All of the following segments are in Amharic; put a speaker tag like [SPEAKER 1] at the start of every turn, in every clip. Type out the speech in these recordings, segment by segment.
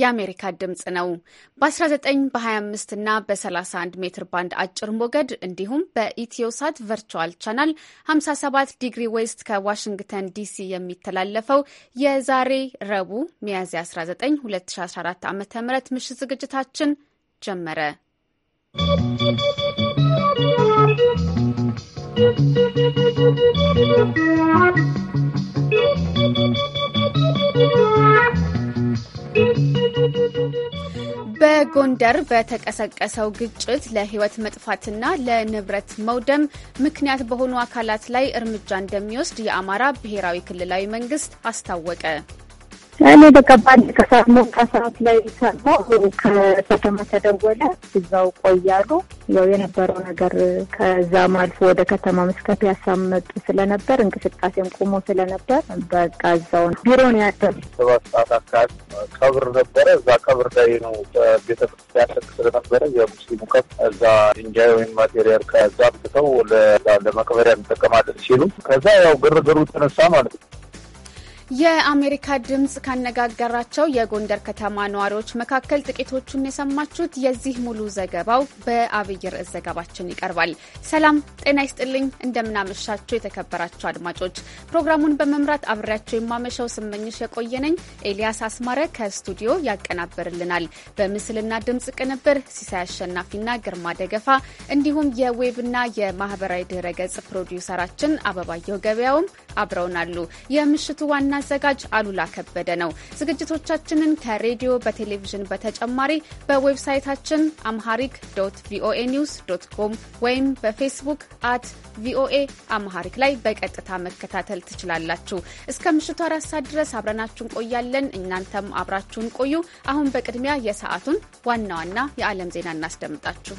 [SPEAKER 1] የአሜሪካ ድምፅ ነው። በ19 በ25 እና በ31 ሜትር ባንድ አጭር ሞገድ እንዲሁም በኢትዮሳት ቨርቹዋል ቻናል 57 ዲግሪ ዌስት ከዋሽንግተን ዲሲ የሚተላለፈው የዛሬ ረቡዕ ሚያዝያ 19 2014 ዓ ም ምሽት ዝግጅታችን ጀመረ። ¶¶ በጎንደር በተቀሰቀሰው ግጭት ለሕይወት መጥፋትና ለንብረት መውደም ምክንያት በሆኑ አካላት ላይ እርምጃ እንደሚወስድ የአማራ ብሔራዊ ክልላዊ መንግስት አስታወቀ።
[SPEAKER 2] እኔ በቃ በአንድ ከሰዓት ከሰዓት ላይ ሰማው ከከተማ ተደወለ። እዛው ቆያሉ። ያው የነበረው ነገር ከዛም አልፎ ወደ ከተማ
[SPEAKER 3] መስከፍ ያሳመጡ ስለነበር እንቅስቃሴም ቁሞ ስለነበር በቃ እዛው ነው ቢሮ ነው ያደ
[SPEAKER 4] ሰባት ሰዓት አካባቢ ቀብር ነበረ። እዛ ቀብር ላይ ነው ቤተ ክርስቲያን ስለነበረ የሙስሊሙ ከፍ እዛ ድንጋይ ወይም ማቴሪያል ከዛ አምጥተው ለመቅበሪያ እንጠቀማለን ሲሉ ከዛ ያው ግርግሩ ተነሳ ማለት ነው።
[SPEAKER 1] የአሜሪካ ድምፅ ካነጋገራቸው የጎንደር ከተማ ነዋሪዎች መካከል ጥቂቶቹን የሰማችሁት። የዚህ ሙሉ ዘገባው በአብይ ርዕስ ዘገባችን ይቀርባል። ሰላም ጤና ይስጥልኝ፣ እንደምናመሻችሁ የተከበራችሁ አድማጮች። ፕሮግራሙን በመምራት አብሬያቸው የማመሻው ስመኝሽ የቆየነኝ። ኤልያስ አስማረ ከስቱዲዮ ያቀናብርልናል። በምስልና ድምፅ ቅንብር ሲሳይ አሸናፊና ግርማ ደገፋ እንዲሁም የዌብና የማህበራዊ ድህረ ገጽ ፕሮዲውሰራችን አበባየሁ ገበያውም አብረውናሉ። የምሽቱ ዋና አዘጋጅ አሉላ ከበደ ነው። ዝግጅቶቻችንን ከሬዲዮ በቴሌቪዥን በተጨማሪ በዌብሳይታችን አምሃሪክ ዶት ቪኦኤ ኒውስ ዶት ኮም ወይም በፌስቡክ አት ቪኦኤ አምሃሪክ ላይ በቀጥታ መከታተል ትችላላችሁ። እስከ ምሽቱ አራት ሰዓት ድረስ አብረናችሁን ቆያለን። እናንተም አብራችሁን ቆዩ። አሁን በቅድሚያ የሰዓቱን ዋና ዋና
[SPEAKER 2] የዓለም ዜና እናስደምጣችሁ።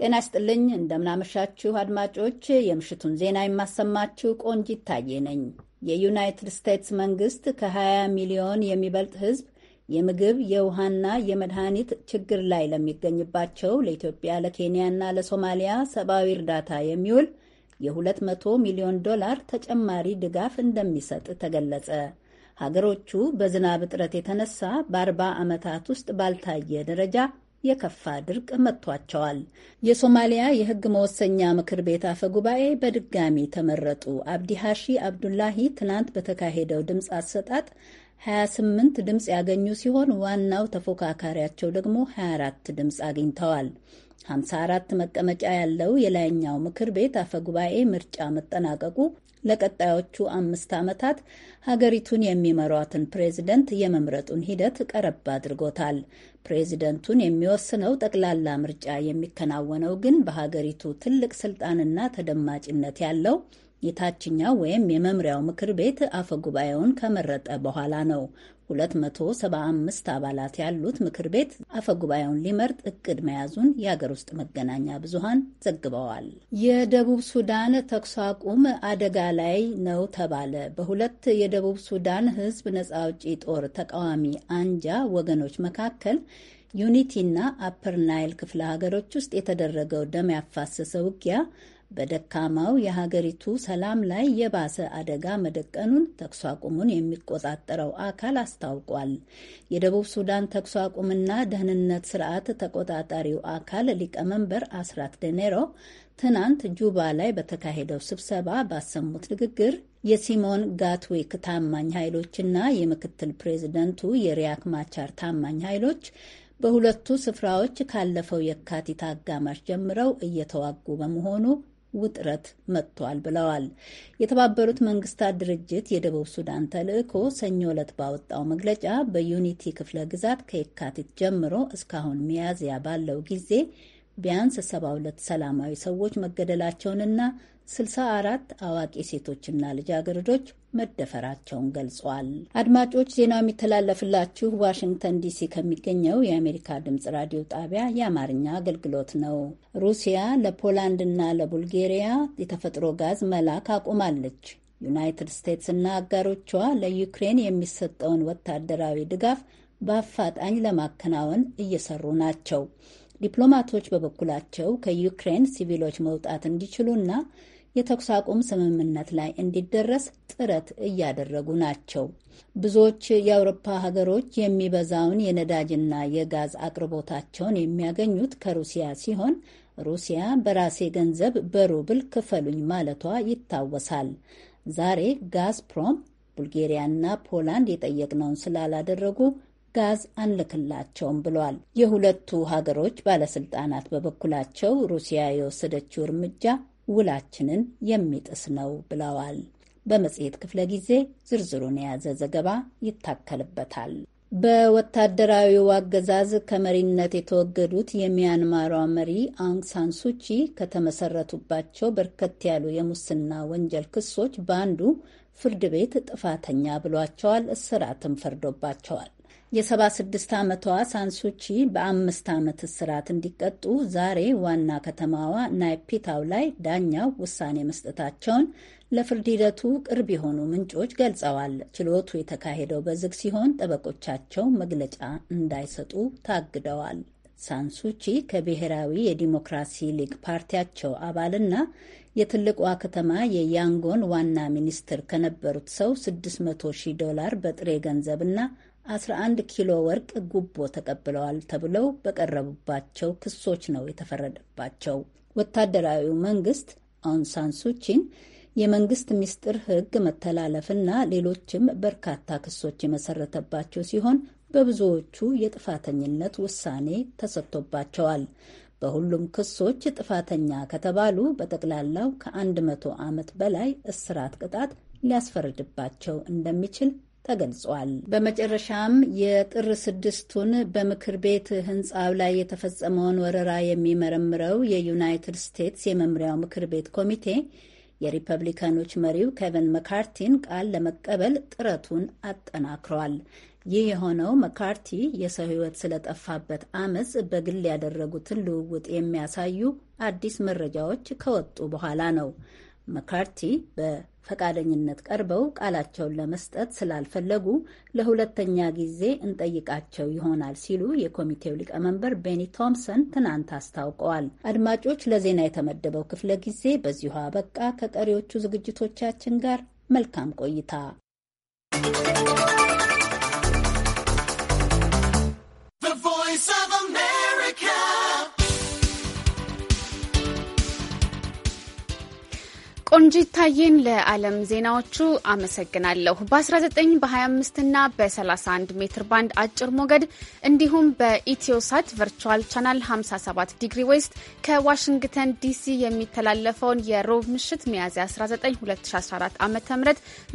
[SPEAKER 2] ጤና ይስጥልኝ እንደምናመሻችሁ አድማጮች። የምሽቱን ዜና የማሰማችሁ ቆንጂ ይታየ ነኝ። የዩናይትድ ስቴትስ መንግስት ከ20 ሚሊዮን የሚበልጥ ህዝብ የምግብ የውሃና የመድኃኒት ችግር ላይ ለሚገኝባቸው ለኢትዮጵያ፣ ለኬንያና ለሶማሊያ ሰብአዊ እርዳታ የሚውል የ200 ሚሊዮን ዶላር ተጨማሪ ድጋፍ እንደሚሰጥ ተገለጸ። ሀገሮቹ በዝናብ እጥረት የተነሳ በ40 ዓመታት ውስጥ ባልታየ ደረጃ የከፋ ድርቅ መጥቷቸዋል። የሶማሊያ የሕግ መወሰኛ ምክር ቤት አፈ ጉባኤ በድጋሚ ተመረጡ። አብዲ ሃሺ አብዱላሂ ትናንት በተካሄደው ድምፅ አሰጣጥ 28 ድምፅ ያገኙ ሲሆን ዋናው ተፎካካሪያቸው ደግሞ 24 ድምፅ አግኝተዋል። 54 መቀመጫ ያለው የላይኛው ምክር ቤት አፈ ጉባኤ ምርጫ መጠናቀቁ ለቀጣዮቹ አምስት ዓመታት ሀገሪቱን የሚመሯትን ፕሬዝደንት የመምረጡን ሂደት ቀረብ አድርጎታል። ፕሬዚደንቱን የሚወስነው ጠቅላላ ምርጫ የሚከናወነው ግን በሀገሪቱ ትልቅ ስልጣንና ተደማጭነት ያለው የታችኛው ወይም የመምሪያው ምክር ቤት አፈ ጉባኤውን ከመረጠ በኋላ ነው። 275 አባላት ያሉት ምክር ቤት አፈጉባኤውን ሊመርጥ እቅድ መያዙን የአገር ውስጥ መገናኛ ብዙሃን ዘግበዋል። የደቡብ ሱዳን ተኩስ አቁም አደጋ ላይ ነው ተባለ። በሁለት የደቡብ ሱዳን ሕዝብ ነጻ አውጪ ጦር ተቃዋሚ አንጃ ወገኖች መካከል ዩኒቲና አፐር ናይል ክፍለ ሀገሮች ውስጥ የተደረገው ደም ያፋሰሰ ውጊያ በደካማው የሀገሪቱ ሰላም ላይ የባሰ አደጋ መደቀኑን ተኩስ አቁሙን የሚቆጣጠረው አካል አስታውቋል። የደቡብ ሱዳን ተኩስ አቁምና ደህንነት ስርዓት ተቆጣጣሪው አካል ሊቀመንበር አስራት ደኔሮ ትናንት ጁባ ላይ በተካሄደው ስብሰባ ባሰሙት ንግግር የሲሞን ጋትዊክ ታማኝ ኃይሎችና የምክትል ፕሬዚደንቱ የሪያክ ማቻር ታማኝ ኃይሎች በሁለቱ ስፍራዎች ካለፈው የካቲት አጋማሽ ጀምረው እየተዋጉ በመሆኑ ውጥረት መጥቷል ብለዋል። የተባበሩት መንግስታት ድርጅት የደቡብ ሱዳን ተልዕኮ ሰኞ ዕለት ባወጣው መግለጫ በዩኒቲ ክፍለ ግዛት ከየካቲት ጀምሮ እስካሁን ሚያዝያ ባለው ጊዜ ቢያንስ 72 ሰላማዊ ሰዎች መገደላቸውንና 64 አዋቂ ሴቶችና ልጃገረዶች መደፈራቸውን ገልጿል። አድማጮች ዜናው የሚተላለፍላችሁ ዋሽንግተን ዲሲ ከሚገኘው የአሜሪካ ድምፅ ራዲዮ ጣቢያ የአማርኛ አገልግሎት ነው። ሩሲያ ለፖላንድና ለቡልጌሪያ የተፈጥሮ ጋዝ መላክ አቁማለች። ዩናይትድ ስቴትስ እና አጋሮቿ ለዩክሬን የሚሰጠውን ወታደራዊ ድጋፍ በአፋጣኝ ለማከናወን እየሰሩ ናቸው። ዲፕሎማቶች በበኩላቸው ከዩክሬን ሲቪሎች መውጣት እንዲችሉና የተኩስ አቁም ስምምነት ላይ እንዲደረስ ጥረት እያደረጉ ናቸው። ብዙዎች የአውሮፓ ሀገሮች የሚበዛውን የነዳጅና የጋዝ አቅርቦታቸውን የሚያገኙት ከሩሲያ ሲሆን ሩሲያ በራሴ ገንዘብ በሩብል ክፈሉኝ ማለቷ ይታወሳል። ዛሬ ጋዝፕሮም ቡልጌሪያና ፖላንድ የጠየቅነውን ስላላደረጉ ጋዝ አንልክላቸውም ብሏል። የሁለቱ ሀገሮች ባለስልጣናት በበኩላቸው ሩሲያ የወሰደችው እርምጃ ውላችንን የሚጥስ ነው ብለዋል። በመጽሔት ክፍለ ጊዜ ዝርዝሩን የያዘ ዘገባ ይታከልበታል። በወታደራዊው አገዛዝ ከመሪነት የተወገዱት የሚያንማሯ መሪ አንግሳን ሱቺ ከተመሰረቱባቸው በርከት ያሉ የሙስና ወንጀል ክሶች በአንዱ ፍርድ ቤት ጥፋተኛ ብሏቸዋል። እስራትም ፈርዶባቸዋል። የ76 ዓመቷ ሳንሱቺ በአምስት ዓመት እስራት እንዲቀጡ ዛሬ ዋና ከተማዋ ናይፒታው ላይ ዳኛው ውሳኔ መስጠታቸውን ለፍርድ ሂደቱ ቅርብ የሆኑ ምንጮች ገልጸዋል። ችሎቱ የተካሄደው በዝግ ሲሆን ጠበቆቻቸው መግለጫ እንዳይሰጡ ታግደዋል። ሳንሱቺ ከብሔራዊ የዲሞክራሲ ሊግ ፓርቲያቸው አባልና የትልቋ ከተማ የያንጎን ዋና ሚኒስትር ከነበሩት ሰው 600 ሺህ ዶላር በጥሬ ገንዘብና 11 ኪሎ ወርቅ ጉቦ ተቀብለዋል ተብለው በቀረቡባቸው ክሶች ነው የተፈረደባቸው። ወታደራዊው መንግስት አውንሳንሱቺን ሱቺን የመንግስት ሚስጥር ህግ መተላለፍና ሌሎችም በርካታ ክሶች የመሰረተባቸው ሲሆን በብዙዎቹ የጥፋተኝነት ውሳኔ ተሰጥቶባቸዋል። በሁሉም ክሶች ጥፋተኛ ከተባሉ በጠቅላላው ከአንድ መቶ ዓመት በላይ እስራት ቅጣት ሊያስፈርድባቸው እንደሚችል ተገልጿል። በመጨረሻም የጥር ስድስቱን በምክር ቤት ህንፃው ላይ የተፈጸመውን ወረራ የሚመረምረው የዩናይትድ ስቴትስ የመምሪያው ምክር ቤት ኮሚቴ የሪፐብሊካኖች መሪው ኬቨን መካርቲን ቃል ለመቀበል ጥረቱን አጠናክሯል። ይህ የሆነው መካርቲ የሰው ህይወት ስለጠፋበት አመፅ በግል ያደረጉትን ልውውጥ የሚያሳዩ አዲስ መረጃዎች ከወጡ በኋላ ነው። መካርቲ በፈቃደኝነት ቀርበው ቃላቸውን ለመስጠት ስላልፈለጉ ለሁለተኛ ጊዜ እንጠይቃቸው ይሆናል ሲሉ የኮሚቴው ሊቀመንበር ቤኒ ቶምሰን ትናንት አስታውቀዋል። አድማጮች፣ ለዜና የተመደበው ክፍለ ጊዜ በዚሁ አበቃ። ከቀሪዎቹ ዝግጅቶቻችን ጋር መልካም ቆይታ
[SPEAKER 1] ቆንጂ ታዬን ለዓለም ዜናዎቹ አመሰግናለሁ። በ19 በ25 እና በ31 ሜትር ባንድ አጭር ሞገድ እንዲሁም በኢትዮሳት ቨርቹዋል ቻናል 57 ዲግሪ ዌስት ከዋሽንግተን ዲሲ የሚተላለፈውን የሮብ ምሽት ሚያዝያ 19 2014 ዓ ም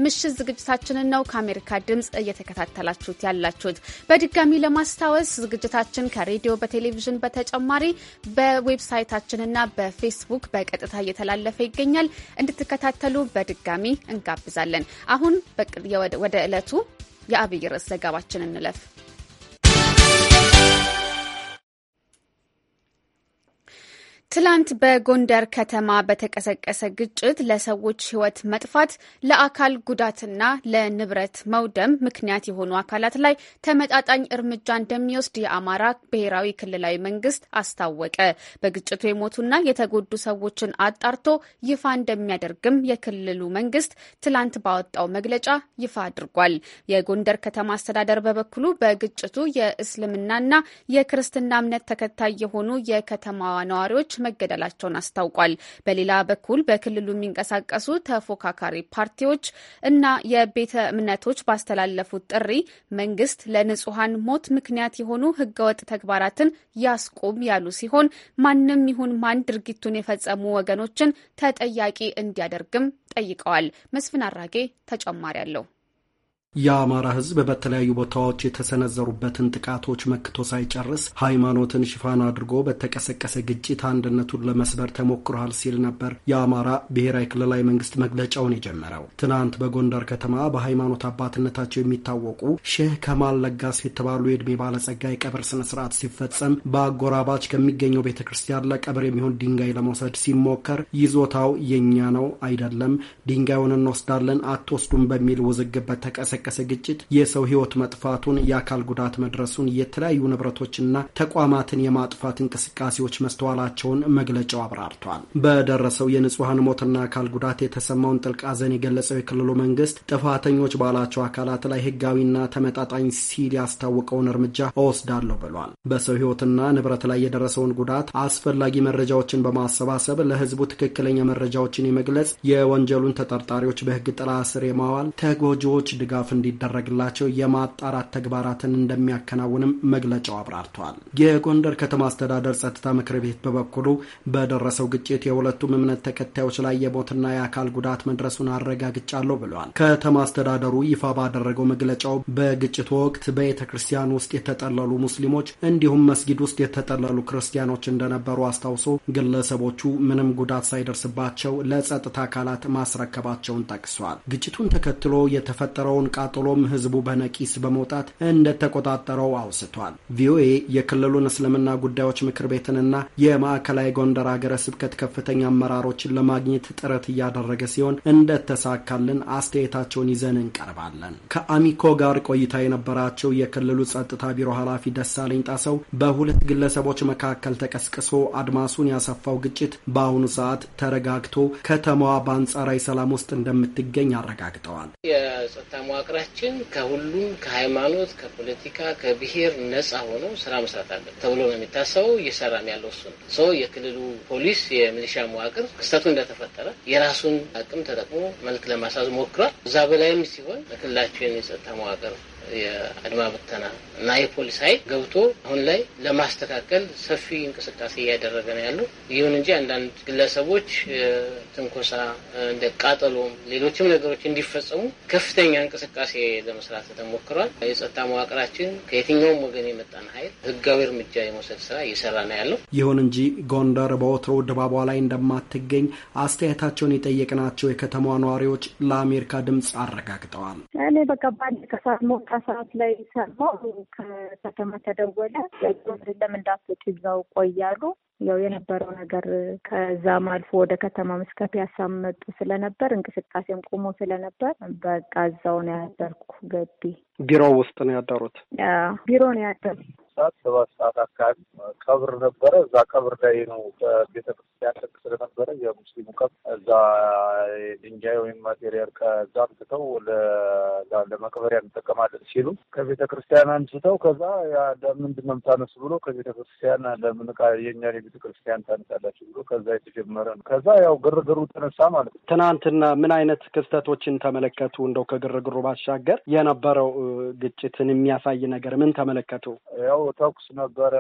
[SPEAKER 1] ምሽት ዝግጅታችንን ነው ከአሜሪካ ድምፅ እየተከታተላችሁት ያላችሁት። በድጋሚ ለማስታወስ ዝግጅታችን ከሬዲዮ በቴሌቪዥን በተጨማሪ በዌብሳይታችንና በፌስቡክ በቀጥታ እየተላለፈ ይገኛል። እንድትከታተሉ በድጋሚ እንጋብዛለን። አሁን ወደ ዕለቱ የአብይ ርዕስ ዘገባችን እንለፍ። ትላንት በጎንደር ከተማ በተቀሰቀሰ ግጭት ለሰዎች ሕይወት መጥፋት ለአካል ጉዳትና ለንብረት መውደም ምክንያት የሆኑ አካላት ላይ ተመጣጣኝ እርምጃ እንደሚወስድ የአማራ ብሔራዊ ክልላዊ መንግስት አስታወቀ። በግጭቱ የሞቱና የተጎዱ ሰዎችን አጣርቶ ይፋ እንደሚያደርግም የክልሉ መንግስት ትላንት ባወጣው መግለጫ ይፋ አድርጓል። የጎንደር ከተማ አስተዳደር በበኩሉ በግጭቱ የእስልምናና የክርስትና እምነት ተከታይ የሆኑ የከተማዋ ነዋሪዎች መገደላቸውን አስታውቋል። በሌላ በኩል በክልሉ የሚንቀሳቀሱ ተፎካካሪ ፓርቲዎች እና የቤተ እምነቶች ባስተላለፉት ጥሪ መንግስት ለንጹሐን ሞት ምክንያት የሆኑ ህገወጥ ተግባራትን ያስቁም ያሉ ሲሆን ማንም ይሁን ማን ድርጊቱን የፈጸሙ ወገኖችን ተጠያቂ እንዲያደርግም ጠይቀዋል። መስፍን አራጌ ተጨማሪ አለው።
[SPEAKER 5] የአማራ ህዝብ በተለያዩ ቦታዎች የተሰነዘሩበትን ጥቃቶች መክቶ ሳይጨርስ ሃይማኖትን ሽፋን አድርጎ በተቀሰቀሰ ግጭት አንድነቱን ለመስበር ተሞክሯል ሲል ነበር የአማራ ብሔራዊ ክልላዊ መንግስት መግለጫውን የጀመረው። ትናንት በጎንደር ከተማ በሃይማኖት አባትነታቸው የሚታወቁ ሼህ ከማል ለጋስ የተባሉ የእድሜ ባለጸጋ የቀብር ስነ ስርዓት ሲፈጸም በአጎራባች ከሚገኘው ቤተ ክርስቲያን ለቀብር የሚሆን ድንጋይ ለመውሰድ ሲሞከር ይዞታው የእኛ ነው አይደለም፣ ድንጋዩን እንወስዳለን አትወስዱም በሚል ውዝግብ በተቀሰ በተቀሰቀሰ ግጭት የሰው ሕይወት መጥፋቱን፣ የአካል ጉዳት መድረሱን፣ የተለያዩ ንብረቶችና ተቋማትን የማጥፋት እንቅስቃሴዎች መስተዋላቸውን መግለጫው አብራርቷል። በደረሰው የንጹሐን ሞትና አካል ጉዳት የተሰማውን ጥልቅ ሐዘን የገለጸው የክልሉ መንግስት ጥፋተኞች ባላቸው አካላት ላይ ህጋዊና ተመጣጣኝ ሲል ያስታወቀውን እርምጃ እወስዳለሁ ብሏል። በሰው ህይወትና ንብረት ላይ የደረሰውን ጉዳት አስፈላጊ መረጃዎችን በማሰባሰብ ለህዝቡ ትክክለኛ መረጃዎችን የመግለጽ የወንጀሉን ተጠርጣሪዎች በህግ ጥላ ስር የማዋል ተጎጂዎች ድጋፍ እንዲደረግላቸው የማጣራት ተግባራትን እንደሚያከናውንም መግለጫው አብራርተዋል። የጎንደር ከተማ አስተዳደር ጸጥታ ምክር ቤት በበኩሉ በደረሰው ግጭት የሁለቱም እምነት ተከታዮች ላይ የሞትና የአካል ጉዳት መድረሱን አረጋግጫለሁ ብለዋል። ከተማ አስተዳደሩ ይፋ ባደረገው መግለጫው በግጭቱ ወቅት በቤተ ክርስቲያን ውስጥ የተጠለሉ ሙስሊሞች እንዲሁም መስጊድ ውስጥ የተጠለሉ ክርስቲያኖች እንደነበሩ አስታውሶ ግለሰቦቹ ምንም ጉዳት ሳይደርስባቸው ለጸጥታ አካላት ማስረከባቸውን ጠቅሷል። ግጭቱን ተከትሎ የተፈጠረውን ቃጠሎም ህዝቡ በነቂስ በመውጣት እንደተቆጣጠረው አውስቷል። ቪኦኤ የክልሉን እስልምና ጉዳዮች ምክር ቤትንና የማዕከላዊ ጎንደር አገረ ስብከት ከፍተኛ አመራሮችን ለማግኘት ጥረት እያደረገ ሲሆን እንደተሳካልን አስተያየታቸውን ይዘን እንቀርባለን። ከአሚኮ ጋር ቆይታ የነበራቸው የክልሉ ጸጥታ ቢሮ ኃላፊ ደሳለኝ ጣሰው በሁለት ግለሰቦች መካከል ተቀስቅሶ አድማሱን ያሰፋው ግጭት በአሁኑ ሰዓት ተረጋግቶ ከተማዋ በአንጻራዊ ሰላም ውስጥ እንደምትገኝ አረጋግጠዋል።
[SPEAKER 6] የጸጥታ መዋቅር መዋቅራችን ከሁሉም ከሃይማኖት፣ ከፖለቲካ፣ ከብሄር ነጻ ሆኖ ስራ መስራት አለ ተብሎ ነው የሚታሰበው። እየሰራም ያለው እሱ ነው። የክልሉ ፖሊስ የሚሊሻ መዋቅር ክስተቱ እንደተፈጠረ የራሱን አቅም ተጠቅሞ መልክ ለማሳዝ ሞክሯል። እዛ በላይም ሲሆን ለክልላችን የጸጥታ መዋቅር የአድማ ብተና እና የፖሊስ ኃይል ገብቶ አሁን ላይ ለማስተካከል ሰፊ እንቅስቃሴ እያደረገ ነው ያለው። ይሁን እንጂ አንዳንድ ግለሰቦች ትንኮሳ፣ እንደ ቃጠሎ፣ ሌሎችም ነገሮች እንዲፈጸሙ ከፍተኛ እንቅስቃሴ ለመስራት ተሞክሯል። የጸጥታ መዋቅራችን ከየትኛውም ወገን የመጣን ኃይል ህጋዊ እርምጃ የመውሰድ ስራ እየሰራ ነው ያለው።
[SPEAKER 5] ይሁን እንጂ ጎንደር በወትሮ ድባቧ ላይ እንደማትገኝ አስተያየታቸውን የጠየቅናቸው የከተማ ነዋሪዎች ለአሜሪካ ድምፅ አረጋግጠዋል።
[SPEAKER 6] እኔ በቃ በአንድ ከሰዓት ሰዓት ላይ ሰማሁ
[SPEAKER 3] ከከተማ ተደወለ ለምን እንዳትወጪ እዛው ቆያሉ። ያው የነበረው ነገር ከዛም አልፎ ወደ ከተማ እስከ ፒያሳ መጡ ስለነበር እንቅስቃሴም ቁሞ
[SPEAKER 1] ስለነበር በቃ እዛው ነው ያደርኩ ገቢ ቢሮ ውስጥ ነው ያደሩት። ቢሮ ነው ያደሩት።
[SPEAKER 4] ሰዓት ሰባት ሰዓት አካባቢ ቀብር ነበረ። እዛ ቀብር ላይ ነው ቤተ ክርስቲያን ስለነበረ የሙስሊሙ ቀብር እዛ ድንጋይ ወይም ማቴሪያል ከዛ አንስተው ለመቅበሪያ እንጠቀማለን ሲሉ ከቤተ ክርስቲያን አንስተው ከዛ
[SPEAKER 5] ምንድን ነው የምታነሱ
[SPEAKER 4] ብሎ ከቤተ ክርስቲያን ለምን የእኛን የቤተ ክርስቲያን ታነሳላችሁ ብሎ ከዛ የተጀመረ ነው። ከዛ
[SPEAKER 5] ያው ግርግሩ ተነሳ ማለት ነው። ትናንትና ምን አይነት ክስተቶችን ተመለከቱ? እንደው ከግርግሩ ባሻገር የነበረው ግጭትን የሚያሳይ ነገር ምን ተመለከቱ?
[SPEAKER 4] ያው ተኩስ ነበረ።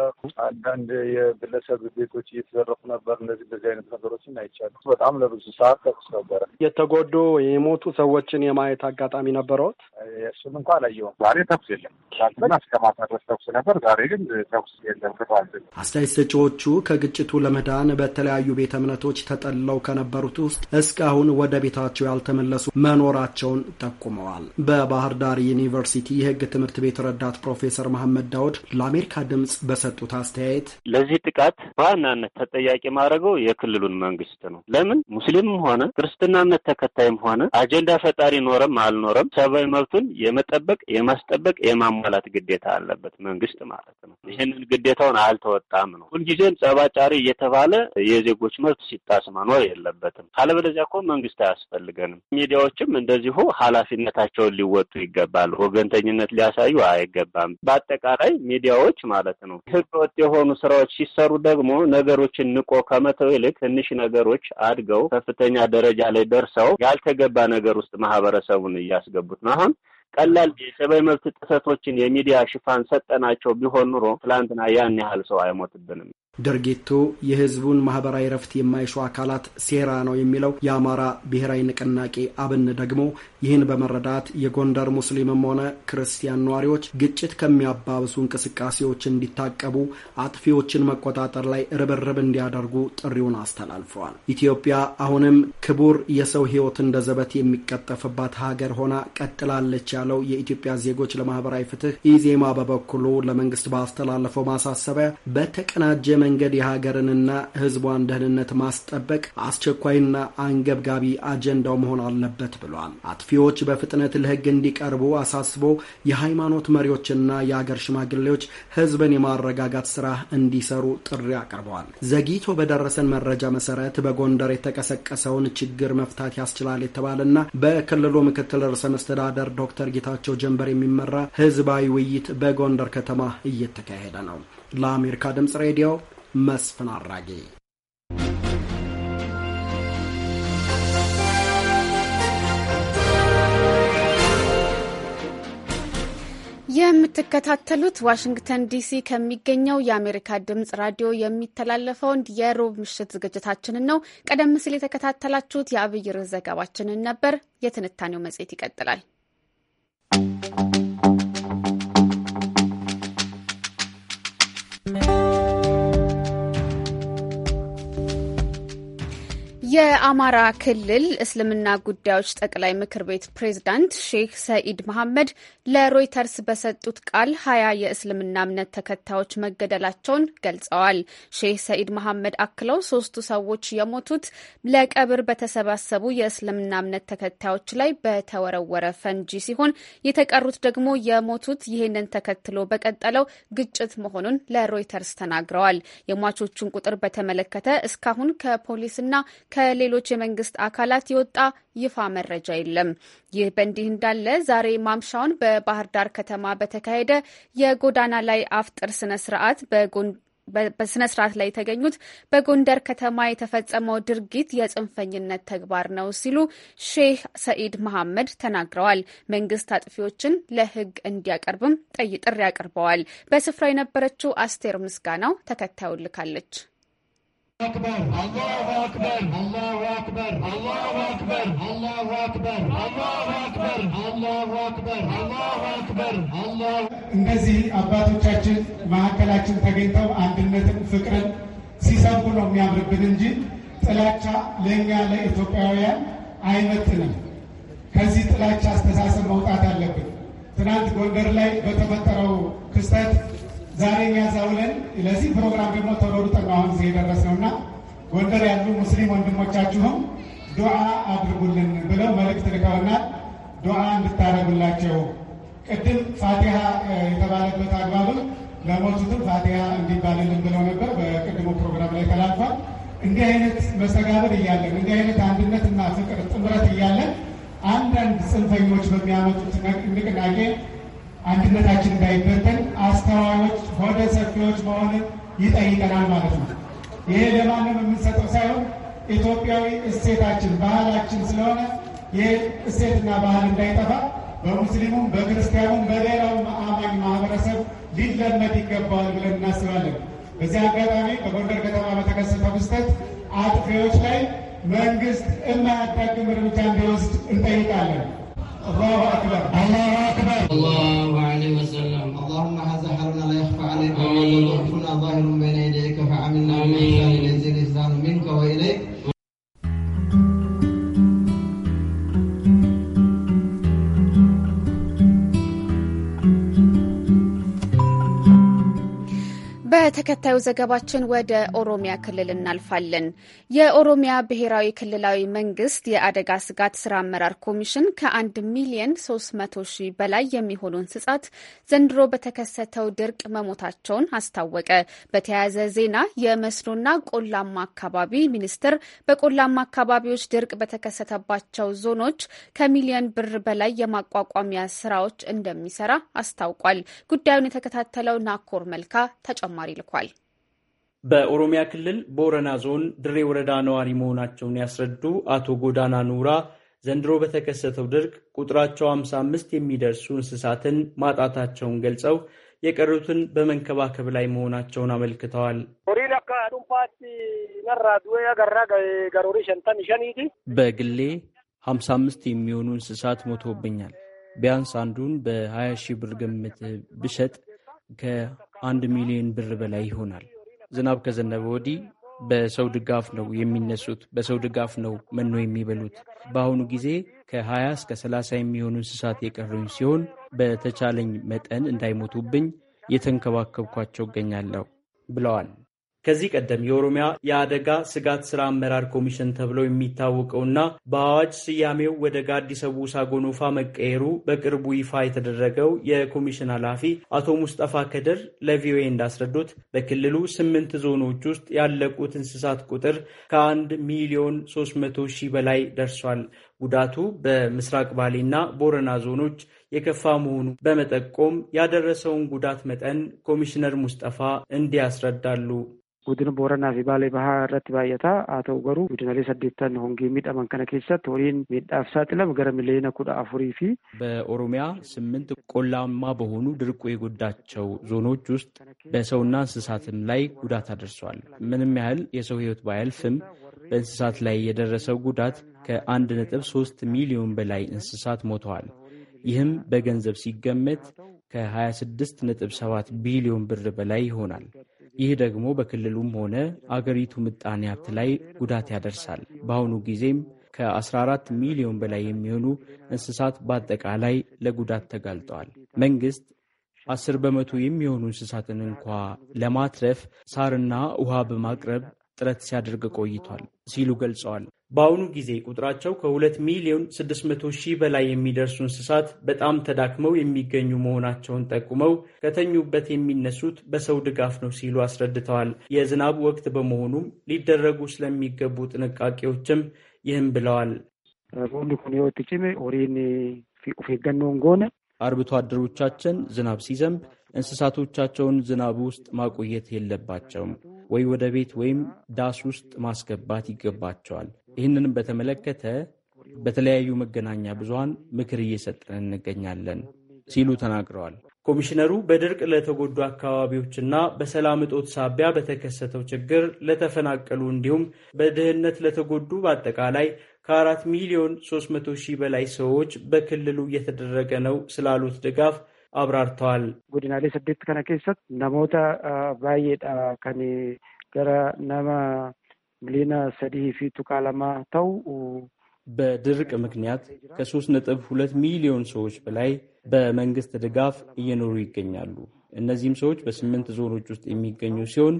[SPEAKER 4] አንዳንድ የግለሰብ ቤቶች እየተዘረፉ ነበር። እነዚህ እንደዚህ አይነት ነገሮችን አይቻሉ። በጣም ለብዙ ሰዓት ተኩስ ነበረ።
[SPEAKER 5] የተጎዱ የሞቱ ሰዎችን የማየት አጋጣሚ ነበረውት?
[SPEAKER 4] እሱም እንኳ አላየሁም። ዛሬ ተኩስ የለም። ትናንትና እስከ ማታ ድረስ
[SPEAKER 6] ተኩስ ነበር። ዛሬ ግን ተኩስ የለም። ፍቷል።
[SPEAKER 5] አስተያየት ሰጪዎቹ ከግጭቱ ለመዳን በተለያዩ ቤተ እምነቶች ተጠልለው ከነበሩት ውስጥ እስካሁን ወደ ቤታቸው ያልተመለሱ መኖራቸውን ጠቁመዋል። በባህር ዳር ዩኒቨርሲቲ ዩኒቨርሲቲ የህግ ትምህርት ቤት ረዳት ፕሮፌሰር መሐመድ ዳውድ ለአሜሪካ ድምፅ በሰጡት አስተያየት
[SPEAKER 4] ለዚህ ጥቃት በዋናነት ተጠያቂ ማድረገው የክልሉን መንግስት ነው።
[SPEAKER 5] ለምን ሙስሊምም
[SPEAKER 4] ሆነ ክርስትና
[SPEAKER 5] እምነት ተከታይም ሆነ አጀንዳ
[SPEAKER 4] ፈጣሪ ኖረም አልኖረም ሰብአዊ መብቱን የመጠበቅ የማስጠበቅ፣ የማሟላት ግዴታ አለበት መንግስት ማለት ነው። ይህንን ግዴታውን አልተወጣም ነው። ሁልጊዜም ጸባጫሪ እየተባለ የዜጎች መብት ሲጣስ መኖር የለበትም። ካለበለዚያ እኮ መንግስት አያስፈልገንም። ሚዲያዎችም እንደዚሁ ኃላፊነታቸውን ሊወጡ ይገባል። ወገ ወገንተኝነት ሊያሳዩ አይገባም። በአጠቃላይ ሚዲያዎች ማለት ነው ህገወጥ የሆኑ ስራዎች ሲሰሩ ደግሞ ነገሮችን ንቆ ከመተው ይልቅ ትንሽ ነገሮች አድገው ከፍተኛ ደረጃ ላይ ደርሰው ያልተገባ ነገር ውስጥ ማህበረሰቡን እያስገቡት ነው አሁን ቀላል የሰብአዊ መብት ጥሰቶችን የሚዲያ ሽፋን ሰጠናቸው ቢሆን ኑሮ ትላንትና ያን ያህል ሰው አይሞትብንም።
[SPEAKER 5] ድርጊቱ የህዝቡን ማህበራዊ ረፍት የማይሹ አካላት ሴራ ነው የሚለው የአማራ ብሔራዊ ንቅናቄ አብን ደግሞ ይህን በመረዳት የጎንደር ሙስሊምም ሆነ ክርስቲያን ነዋሪዎች ግጭት ከሚያባብሱ እንቅስቃሴዎች እንዲታቀቡ፣ አጥፊዎችን መቆጣጠር ላይ ርብርብ እንዲያደርጉ ጥሪውን አስተላልፈዋል። ኢትዮጵያ አሁንም ክቡር የሰው ህይወት እንደ ዘበት የሚቀጠፍባት ሀገር ሆና ቀጥላለች ያለው የኢትዮጵያ ዜጎች ለማህበራዊ ፍትህ ኢዜማ በበኩሉ ለመንግስት ባስተላለፈው ማሳሰቢያ በተቀናጀ መንገድ የሀገርንና ህዝቧን ደህንነት ማስጠበቅ አስቸኳይና አንገብጋቢ አጀንዳው መሆን አለበት ብሏል። አጥፊዎች በፍጥነት ለህግ እንዲቀርቡ አሳስቦ የሃይማኖት መሪዎችና የአገር ሽማግሌዎች ሕዝብን የማረጋጋት ስራ እንዲሰሩ ጥሪ አቅርበዋል። ዘግይቶ በደረሰን መረጃ መሰረት በጎንደር የተቀሰቀሰውን ችግር መፍታት ያስችላል የተባለና በክልሉ ምክትል ርዕሰ መስተዳደር ዶክተር ጌታቸው ጀንበር የሚመራ ህዝባዊ ውይይት በጎንደር ከተማ እየተካሄደ ነው። ለአሜሪካ ድምጽ ሬዲዮ መስፍን አራጌ
[SPEAKER 1] የምትከታተሉት ዋሽንግተን ዲሲ ከሚገኘው የአሜሪካ ድምጽ ራዲዮ የሚተላለፈውን የሮብ ምሽት ዝግጅታችንን ነው። ቀደም ሲል የተከታተላችሁት የአብይ ርዕስ ዘገባችንን ነበር። የትንታኔው መጽሔት ይቀጥላል። የአማራ ክልል እስልምና ጉዳዮች ጠቅላይ ምክር ቤት ፕሬዝዳንት ሼክ ሰኢድ መሐመድ ለሮይተርስ በሰጡት ቃል ሀያ የእስልምና እምነት ተከታዮች መገደላቸውን ገልጸዋል። ሼክ ሰኢድ መሐመድ አክለው ሶስቱ ሰዎች የሞቱት ለቀብር በተሰባሰቡ የእስልምና እምነት ተከታዮች ላይ በተወረወረ ፈንጂ ሲሆን የተቀሩት ደግሞ የሞቱት ይህንን ተከትሎ በቀጠለው ግጭት መሆኑን ለሮይተርስ ተናግረዋል። የሟቾቹን ቁጥር በተመለከተ እስካሁን ከፖሊስና ከ ከሌሎች የመንግስት አካላት የወጣ ይፋ መረጃ የለም። ይህ በእንዲህ እንዳለ ዛሬ ማምሻውን በባህር ዳር ከተማ በተካሄደ የጎዳና ላይ አፍጥር ስነ ስርዓት በጎን በስነ ስርዓት ላይ የተገኙት በጎንደር ከተማ የተፈጸመው ድርጊት የጽንፈኝነት ተግባር ነው ሲሉ ሼህ ሰኢድ መሐመድ ተናግረዋል። መንግስት አጥፊዎችን ለህግ እንዲያቀርብም ጥሪ አቅርበዋል። በስፍራው የነበረችው አስቴር ምስጋናው ተከታዩን ልካለች።
[SPEAKER 7] አክበር አላሁ አክበር አላሁ አክበር አላሁ አክበር አላሁ አክበር አላሁ አክበር አላሁ አክበር አላሁ አክበር አላሁ እነዚህ አባቶቻችን መካከላችን ተገኝተው አንድነትን፣ ፍቅርን ሲሰብኩ ነው የሚያምርብን እንጂ ጥላቻ ለእኛ ለኢትዮጵያውያን አይመጥንም። ከዚህ ጥላቻ አስተሳሰብ መውጣት አለብን። ትናንት ጎንደር ላይ በተፈጠረው ክስተት ዛሬ የሚያዛውለን ለዚህ ፕሮግራም ደግሞ ተሮሩጠን ነው አሁን የደረስነው ጎንደር ያሉ ሙስሊም ወንድሞቻችሁም ዱዓ አድርጉልን ብለው መልእክት ልከውና ዱዓ እንድታደርጉላቸው ቅድም ፋቲሃ የተባለበት አግባብ ለሞቱትም ፋቲሃ እንዲባልልን ብለው ነበር። በቅድሞ ፕሮግራም ላይ ተላልፏል። እንዲህ አይነት መስተጋብር እያለን እንዲህ አይነት አንድነትና ፍቅር ጥምረት እያለን አንዳንድ ጽንፈኞች በሚያመጡት ንቅናቄ አንድነታችን እንዳይበተን አስተዋዎች ሆደ ሰፊዎች መሆንን ይጠይቀናል ማለት ነው። ይሄ ለማንም የምንሰጠው ሳይሆን ኢትዮጵያዊ እሴታችን ባህላችን ስለሆነ ይህ እሴትና ባህል እንዳይጠፋ በሙስሊሙም በክርስቲያኑም በሌላውም አማኝ ማህበረሰብ ሊለመድ ይገባዋል ብለን እናስባለን። በዚህ አጋጣሚ በጎንደር ከተማ በተከሰተው ክስተት አጥፊዎች ላይ መንግስት የማያዳግም እርምጃ እንዲወስድ እንጠይቃለን።
[SPEAKER 5] الله أكبر الله أكبر الله عليه وسلم اللهم هذا حرنا لا يخفى عليك وضعفنا ظاهر بين يديك فعملنا من إحسان إليك منك وإليك
[SPEAKER 1] በተከታዩ ዘገባችን ወደ ኦሮሚያ ክልል እናልፋለን። የኦሮሚያ ብሔራዊ ክልላዊ መንግስት የአደጋ ስጋት ስራ አመራር ኮሚሽን ከአንድ ሚሊየን ሶስት መቶ ሺህ በላይ የሚሆኑ እንስሳት ዘንድሮ በተከሰተው ድርቅ መሞታቸውን አስታወቀ። በተያያዘ ዜና የመስኖና ቆላማ አካባቢ ሚኒስቴር በቆላማ አካባቢዎች ድርቅ በተከሰተባቸው ዞኖች ከሚሊየን ብር በላይ የማቋቋሚያ ስራዎች እንደሚሰራ አስታውቋል። ጉዳዩን የተከታተለው ናኮር መልካ ተጨማ ተጨማሪ ልኳል።
[SPEAKER 8] በኦሮሚያ ክልል ቦረና ዞን ድሬ ወረዳ ነዋሪ መሆናቸውን ያስረዱ አቶ ጎዳና ኑራ ዘንድሮ በተከሰተው ድርቅ ቁጥራቸው 55 የሚደርሱ እንስሳትን ማጣታቸውን ገልጸው የቀሩትን በመንከባከብ ላይ መሆናቸውን አመልክተዋል። በግሌ 55 የሚሆኑ እንስሳት ሞቶብኛል። ቢያንስ አንዱን በ20 ሺህ ብር ግምት ብሸጥ ከ አንድ ሚሊዮን ብር በላይ ይሆናል። ዝናብ ከዘነበ ወዲህ በሰው ድጋፍ ነው የሚነሱት። በሰው ድጋፍ ነው መኖ የሚበሉት። በአሁኑ ጊዜ ከ20 እስከ 30 የሚሆኑ እንስሳት የቀሩኝ ሲሆን በተቻለኝ መጠን እንዳይሞቱብኝ የተንከባከብኳቸው እገኛለሁ ብለዋል ከዚህ ቀደም የኦሮሚያ የአደጋ ስጋት ስራ አመራር ኮሚሽን ተብሎ የሚታወቀውና በአዋጅ ስያሜው ወደ ጋዲስ አቡሳ ጎኖፋ መቀየሩ በቅርቡ ይፋ የተደረገው የኮሚሽን ኃላፊ አቶ ሙስጠፋ ከድር ለቪኦኤ እንዳስረዱት በክልሉ ስምንት ዞኖች ውስጥ ያለቁት እንስሳት ቁጥር ከአንድ ሚሊዮን ሶስት መቶ ሺህ በላይ ደርሷል። ጉዳቱ በምስራቅ ባሌና ቦረና ዞኖች የከፋ መሆኑ በመጠቆም ያደረሰውን ጉዳት መጠን ኮሚሽነር ሙስጠፋ እንዲያስረዳሉ
[SPEAKER 6] Guddina Booranaa fi Baalee Bahaa irratti baay'ata. Haa ta'u garuu guddinaalee saddeettan hongee miidhaman kana keessatti horiin miidhaaf saaxilamu gara miiliyoona kudha afurii fi
[SPEAKER 8] በኦሮሚያ ስምንት ቆላማ በሆኑ ድርቁ የጎዳቸው ዞኖች ውስጥ በሰውና እንስሳትም ላይ ጉዳት አድርሷል። ምንም ያህል የሰው ሕይወት ባያልፍም በእንስሳት ላይ የደረሰው ጉዳት ከአንድ ነጥብ ሶስት ሚሊዮን በላይ እንስሳት ሞተዋል። ይህም በገንዘብ ሲገመት ከ26.7 ቢሊዮን ብር በላይ ይሆናል። ይህ ደግሞ በክልሉም ሆነ አገሪቱ ምጣኔ ሀብት ላይ ጉዳት ያደርሳል። በአሁኑ ጊዜም ከ14 ሚሊዮን በላይ የሚሆኑ እንስሳት በአጠቃላይ ለጉዳት ተጋልጠዋል። መንግስት አስር በመቶ የሚሆኑ እንስሳትን እንኳ ለማትረፍ ሳርና ውሃ በማቅረብ ጥረት ሲያደርግ ቆይቷል ሲሉ ገልጸዋል። በአሁኑ ጊዜ ቁጥራቸው ከሁለት ሚሊዮን ስድስት መቶ ሺህ በላይ የሚደርሱ እንስሳት በጣም ተዳክመው የሚገኙ መሆናቸውን ጠቁመው ከተኙበት የሚነሱት በሰው ድጋፍ ነው ሲሉ አስረድተዋል። የዝናብ ወቅት በመሆኑም ሊደረጉ ስለሚገቡ ጥንቃቄዎችም ይህም ብለዋል። አርብቶ አደሮቻችን ዝናብ ሲዘንብ እንስሳቶቻቸውን ዝናቡ ውስጥ ማቆየት የለባቸውም ወይ ወደ ቤት ወይም ዳስ ውስጥ ማስገባት ይገባቸዋል። ይህንንም በተመለከተ በተለያዩ መገናኛ ብዙሃን ምክር እየሰጠን እንገኛለን ሲሉ ተናግረዋል። ኮሚሽነሩ በድርቅ ለተጎዱ አካባቢዎችና በሰላም እጦት ሳቢያ በተከሰተው ችግር ለተፈናቀሉ እንዲሁም በድህነት ለተጎዱ በአጠቃላይ ከአራት ሚሊዮን ሦስት መቶ ሺህ በላይ ሰዎች በክልሉ እየተደረገ ነው ስላሉት ድጋፍ አብራርተዋል።
[SPEAKER 6] ጉዲናሌ ሰዴት ከነ keessatti namoota ah, baay'eedha ah, ከኒ ገራ nama ሊና ሰዲ ፊቱ ቱቃለማ ተው
[SPEAKER 8] በድርቅ ምክንያት ከሶስት ነጥብ ሁለት ሚሊዮን ሰዎች በላይ በመንግስት ድጋፍ እየኖሩ ይገኛሉ። እነዚህም ሰዎች በስምንት ዞኖች ውስጥ የሚገኙ ሲሆን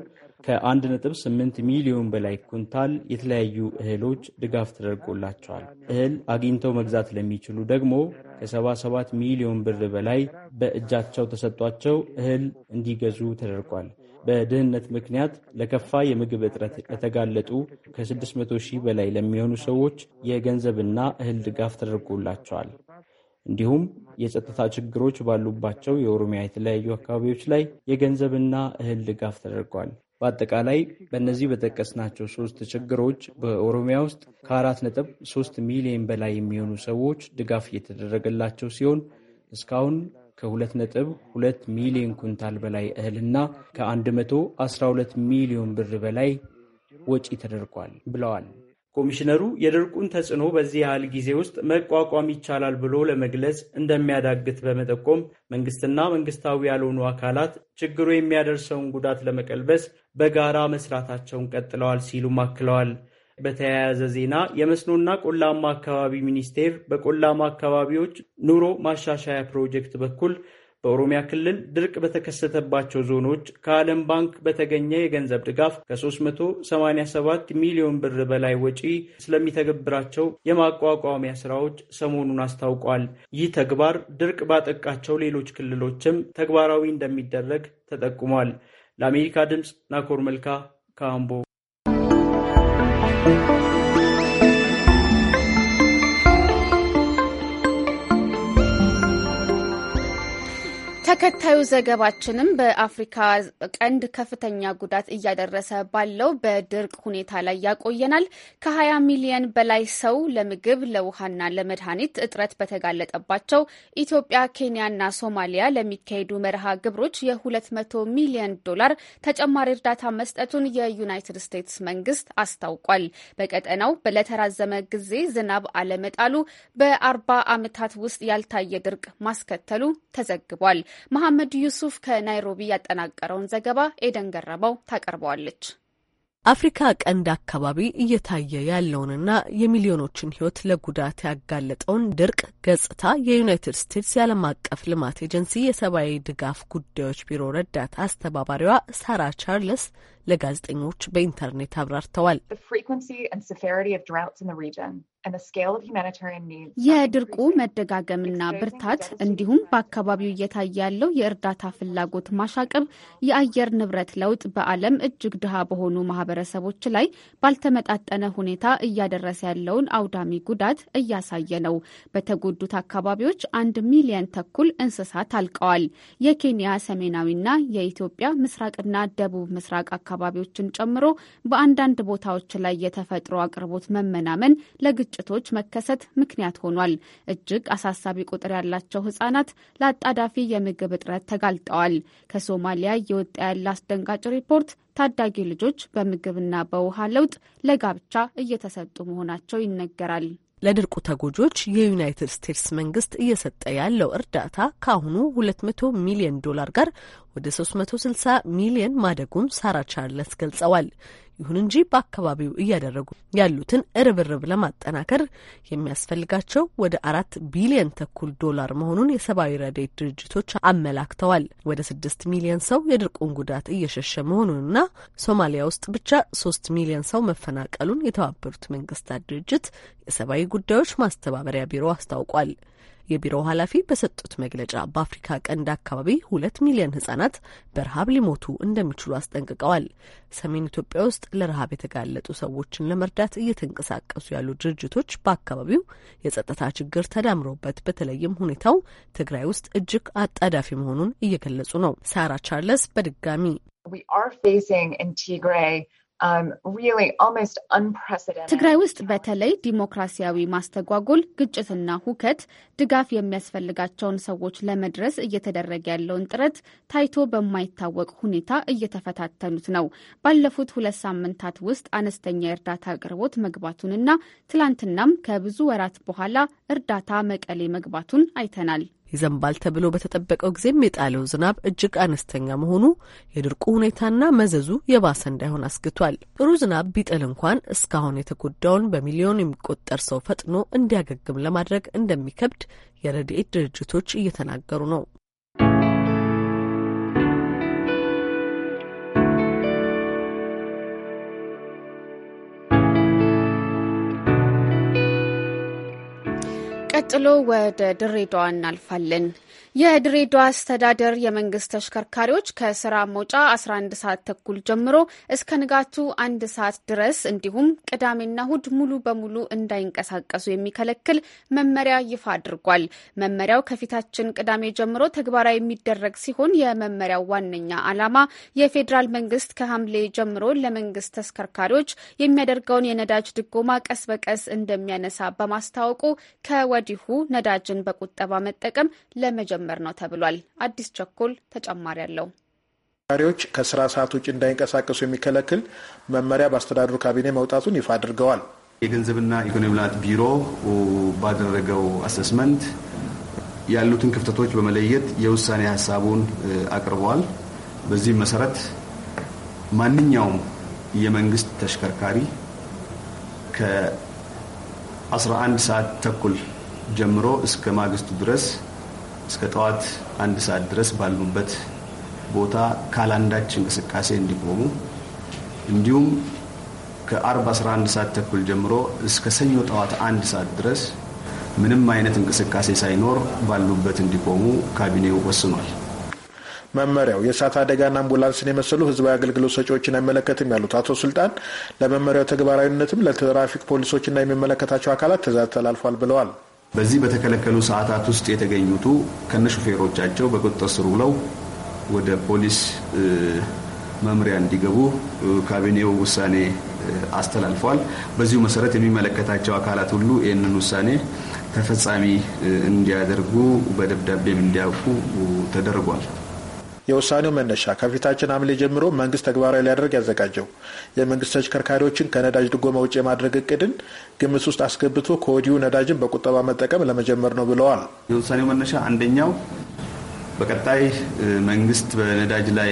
[SPEAKER 8] ከ1.8 ሚሊዮን በላይ ኩንታል የተለያዩ እህሎች ድጋፍ ተደርጎላቸዋል። እህል አግኝተው መግዛት ለሚችሉ ደግሞ ከ77 ሚሊዮን ብር በላይ በእጃቸው ተሰጧቸው እህል እንዲገዙ ተደርጓል። በድህነት ምክንያት ለከፋ የምግብ እጥረት ለተጋለጡ ከ600 ሺህ በላይ ለሚሆኑ ሰዎች የገንዘብና እህል ድጋፍ ተደርጎላቸዋል። እንዲሁም የጸጥታ ችግሮች ባሉባቸው የኦሮሚያ የተለያዩ አካባቢዎች ላይ የገንዘብና እህል ድጋፍ ተደርጓል። በአጠቃላይ በእነዚህ በጠቀስናቸው ሶስት ችግሮች በኦሮሚያ ውስጥ ከአራት ነጥብ ሶስት ሚሊዮን በላይ የሚሆኑ ሰዎች ድጋፍ እየተደረገላቸው ሲሆን እስካሁን ከሁለት ነጥብ ሁለት ሚሊዮን ኩንታል በላይ እህልና ከአንድ መቶ አስራ ሁለት ሚሊዮን ብር በላይ ወጪ ተደርጓል ብለዋል። ኮሚሽነሩ የድርቁን ተጽዕኖ በዚህ ያህል ጊዜ ውስጥ መቋቋም ይቻላል ብሎ ለመግለጽ እንደሚያዳግት በመጠቆም መንግስትና መንግስታዊ ያልሆኑ አካላት ችግሩ የሚያደርሰውን ጉዳት ለመቀልበስ በጋራ መስራታቸውን ቀጥለዋል ሲሉም አክለዋል። በተያያዘ ዜና የመስኖና ቆላማ አካባቢ ሚኒስቴር በቆላማ አካባቢዎች ኑሮ ማሻሻያ ፕሮጀክት በኩል በኦሮሚያ ክልል ድርቅ በተከሰተባቸው ዞኖች ከዓለም ባንክ በተገኘ የገንዘብ ድጋፍ ከ387 ሚሊዮን ብር በላይ ወጪ ስለሚተገብራቸው የማቋቋሚያ ስራዎች ሰሞኑን አስታውቋል። ይህ ተግባር ድርቅ ባጠቃቸው ሌሎች ክልሎችም ተግባራዊ እንደሚደረግ ተጠቁሟል። ለአሜሪካ ድምፅ ናኮር መልካ ካምቦ
[SPEAKER 1] ተከታዩ ዘገባችንም በአፍሪካ ቀንድ ከፍተኛ ጉዳት እያደረሰ ባለው በድርቅ ሁኔታ ላይ ያቆየናል። ከ20 ሚሊየን በላይ ሰው ለምግብ ለውሃና ለመድኃኒት እጥረት በተጋለጠባቸው ኢትዮጵያ፣ ኬንያና ሶማሊያ ለሚካሄዱ መርሃ ግብሮች የ200 ሚሊየን ዶላር ተጨማሪ እርዳታ መስጠቱን የዩናይትድ ስቴትስ መንግስት አስታውቋል። በቀጠናው ለተራዘመ ጊዜ ዝናብ አለመጣሉ በአርባ ዓመታት ውስጥ ያልታየ ድርቅ ማስከተሉ ተዘግቧል። መሐመድ ዩሱፍ ከናይሮቢ ያጠናቀረውን ዘገባ ኤደን ገረመው ታቀርበዋለች።
[SPEAKER 9] አፍሪካ ቀንድ አካባቢ እየታየ ያለውንና የሚሊዮኖችን ሕይወት ለጉዳት ያጋለጠውን ድርቅ ገጽታ የዩናይትድ ስቴትስ የዓለም አቀፍ ልማት ኤጀንሲ የሰብአዊ ድጋፍ ጉዳዮች ቢሮ ረዳት አስተባባሪዋ ሳራ ቻርልስ ለጋዜጠኞች በኢንተርኔት አብራርተዋል። የድርቁ
[SPEAKER 1] መደጋገምና ብርታት እንዲሁም በአካባቢው እየታየ ያለው የእርዳታ ፍላጎት ማሻቀብ የአየር ንብረት ለውጥ በዓለም እጅግ ድሃ በሆኑ ማህበረሰቦች ላይ ባልተመጣጠነ ሁኔታ እያደረሰ ያለውን አውዳሚ ጉዳት እያሳየ ነው። በተጎዱት አካባቢዎች አንድ ሚሊየን ተኩል እንስሳት አልቀዋል። የኬንያ ሰሜናዊና የኢትዮጵያ ምስራቅና ደቡብ ምስራቅ አካባቢዎችን ጨምሮ በአንዳንድ ቦታዎች ላይ የተፈጥሮ አቅርቦት መመናመን ለግጭቶች መከሰት ምክንያት ሆኗል። እጅግ አሳሳቢ ቁጥር ያላቸው ህጻናት ለአጣዳፊ የምግብ እጥረት ተጋልጠዋል። ከሶማሊያ የወጣ ያለ አስደንጋጭ ሪፖርት ታዳጊ ልጆች በምግብና በውሃ ለውጥ ለጋብቻ እየተሰጡ መሆናቸው ይነገራል።
[SPEAKER 9] ለድርቁ ተጎጆች የዩናይትድ ስቴትስ መንግስት እየሰጠ ያለው እርዳታ ከአሁኑ 200 ሚሊዮን ዶላር ጋር ወደ 360 ሚሊየን ማደጉን ሳራ ቻርለስ ገልጸዋል። ይሁን እንጂ በአካባቢው እያደረጉ ያሉትን እርብርብ ለማጠናከር የሚያስፈልጋቸው ወደ አራት ቢሊየን ተኩል ዶላር መሆኑን የሰብአዊ ረድኤት ድርጅቶች አመላክተዋል። ወደ ስድስት ሚሊየን ሰው የድርቁን ጉዳት እየሸሸ መሆኑንና ሶማሊያ ውስጥ ብቻ ሶስት ሚሊየን ሰው መፈናቀሉን የተባበሩት መንግስታት ድርጅት የሰብአዊ ጉዳዮች ማስተባበሪያ ቢሮ አስታውቋል። የቢሮው ኃላፊ በሰጡት መግለጫ በአፍሪካ ቀንድ አካባቢ ሁለት ሚሊዮን ህጻናት በረሃብ ሊሞቱ እንደሚችሉ አስጠንቅቀዋል። ሰሜን ኢትዮጵያ ውስጥ ለረሃብ የተጋለጡ ሰዎችን ለመርዳት እየተንቀሳቀሱ ያሉ ድርጅቶች በአካባቢው የጸጥታ ችግር ተዳምሮበት በተለይም ሁኔታው ትግራይ ውስጥ እጅግ አጣዳፊ መሆኑን እየገለጹ ነው። ሳራ ቻርለስ በድጋሚ
[SPEAKER 1] Um, ትግራይ ውስጥ በተለይ ዲሞክራሲያዊ ማስተጓጎል፣ ግጭትና ሁከት ድጋፍ የሚያስፈልጋቸውን ሰዎች ለመድረስ እየተደረገ ያለውን ጥረት ታይቶ በማይታወቅ ሁኔታ እየተፈታተኑት ነው። ባለፉት ሁለት ሳምንታት ውስጥ አነስተኛ የእርዳታ አቅርቦት መግባቱንና ትላንትናም ከብዙ ወራት በኋላ እርዳታ መቀሌ መግባቱን
[SPEAKER 9] አይተናል። ይዘንባል ተብሎ በተጠበቀው ጊዜም የጣለው ዝናብ እጅግ አነስተኛ መሆኑ የድርቁ ሁኔታና መዘዙ የባሰ እንዳይሆን አስግቷል። ጥሩ ዝናብ ቢጥል እንኳን እስካሁን የተጎዳውን በሚሊዮን የሚቆጠር ሰው ፈጥኖ እንዲያገግም ለማድረግ እንደሚከብድ የረድኤት ድርጅቶች እየተናገሩ ነው።
[SPEAKER 1] ቀጥሎ ወደ ድሬዳዋ እናልፋለን። የድሬዳዋ አስተዳደር የመንግስት ተሽከርካሪዎች ከስራ መውጫ 11 ሰዓት ተኩል ጀምሮ እስከ ንጋቱ አንድ ሰዓት ድረስ እንዲሁም ቅዳሜና እሁድ ሙሉ በሙሉ እንዳይንቀሳቀሱ የሚከለክል መመሪያ ይፋ አድርጓል። መመሪያው ከፊታችን ቅዳሜ ጀምሮ ተግባራዊ የሚደረግ ሲሆን የመመሪያው ዋነኛ ዓላማ የፌዴራል መንግስት ከሐምሌ ጀምሮ ለመንግስት ተሽከርካሪዎች የሚያደርገውን የነዳጅ ድጎማ ቀስ በቀስ እንደሚያነሳ በማስታወቁ ከወዲሁ ነዳጅን በቁጠባ መጠቀም ለመጀመ ጭምር ነው ተብሏል። አዲስ ቸኮል ተጨማሪ አለው።
[SPEAKER 10] ተሽከርካሪዎች ከስራ ሰዓት ውጭ እንዳይንቀሳቀሱ የሚከለክል መመሪያ በአስተዳደሩ ካቢኔ መውጣቱን ይፋ አድርገዋል።
[SPEAKER 11] የገንዘብና ኢኮኖሚ ልማት ቢሮ ባደረገው አሰስመንት ያሉትን ክፍተቶች በመለየት የውሳኔ ሀሳቡን አቅርበዋል። በዚህ መሰረት ማንኛውም የመንግስት ተሽከርካሪ ከ11 ሰዓት ተኩል ጀምሮ እስከ ማግስቱ ድረስ እስከ ጠዋት አንድ ሰዓት ድረስ ባሉበት ቦታ ካላንዳች እንቅስቃሴ እንዲቆሙ እንዲሁም ከአርብ 11 ሰዓት ተኩል ጀምሮ እስከ ሰኞ ጠዋት አንድ ሰዓት ድረስ ምንም አይነት እንቅስቃሴ ሳይኖር ባሉበት እንዲቆሙ ካቢኔው ወስኗል።
[SPEAKER 10] መመሪያው የእሳት አደጋና አምቡላንስን የመሰሉ ህዝባዊ አገልግሎት ሰጪዎችን አይመለከትም ያሉት አቶ ሱልጣን ለመመሪያው ተግባራዊነትም ለትራፊክ ፖሊሶችና የሚመለከታቸው አካላት ትዕዛዝ ተላልፏል ብለዋል።
[SPEAKER 11] በዚህ በተከለከሉ ሰዓታት ውስጥ የተገኙቱ ሹፌሮቻቸው በቁጥጥር ስር ውለው ወደ ፖሊስ መምሪያ እንዲገቡ ካቢኔው ውሳኔ አስተላልፏል። በዚሁ መሰረት የሚመለከታቸው አካላት ሁሉ ይህንን ውሳኔ ተፈጻሚ እንዲያደርጉ በደብዳቤም እንዲያውቁ ተደርጓል።
[SPEAKER 10] የውሳኔው መነሻ ከፊታችን ሐምሌ ጀምሮ መንግስት ተግባራዊ ሊያደርግ ያዘጋጀው የመንግስት ተሽከርካሪዎችን ከነዳጅ ድጎማ ውጭ የማድረግ እቅድን ግምት ውስጥ አስገብቶ ከወዲሁ ነዳጅን በቁጠባ መጠቀም ለመጀመር ነው ብለዋል። የውሳኔው መነሻ አንደኛው
[SPEAKER 11] በቀጣይ መንግስት በነዳጅ ላይ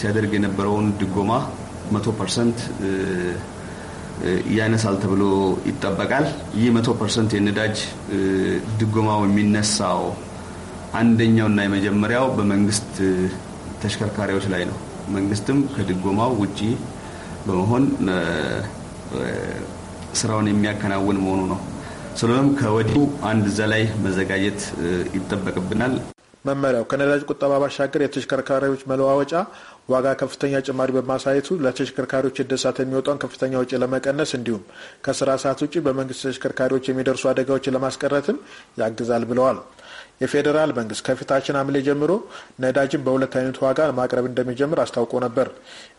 [SPEAKER 11] ሲያደርግ የነበረውን ድጎማ መቶ ፐርሰንት ያነሳል ተብሎ ይጠበቃል። ይህ መቶ ፐርሰንት የነዳጅ ድጎማው የሚነሳው አንደኛውና የመጀመሪያው በመንግስት ተሽከርካሪዎች ላይ ነው። መንግስትም ከድጎማው ውጪ በመሆን ስራውን የሚያከናውን መሆኑ ነው። ስለሆነም ከወዲሁ አንድ እዛ ላይ መዘጋጀት ይጠበቅብናል።
[SPEAKER 10] መመሪያው ከነዳጅ ቁጠባ ባሻገር የተሽከርካሪዎች መለዋወጫ ዋጋ ከፍተኛ ጭማሪ በማሳየቱ ለተሽከርካሪዎች እድሳት የሚወጣውን ከፍተኛ ወጪ ለመቀነስ እንዲሁም ከስራ ሰዓት ውጭ በመንግስት ተሽከርካሪዎች የሚደርሱ አደጋዎችን ለማስቀረትም ያግዛል ብለዋል። የፌዴራል መንግስት ከፊታችን ሐምሌ ጀምሮ ነዳጅን በሁለት አይነት ዋጋ ማቅረብ እንደሚጀምር አስታውቆ ነበር።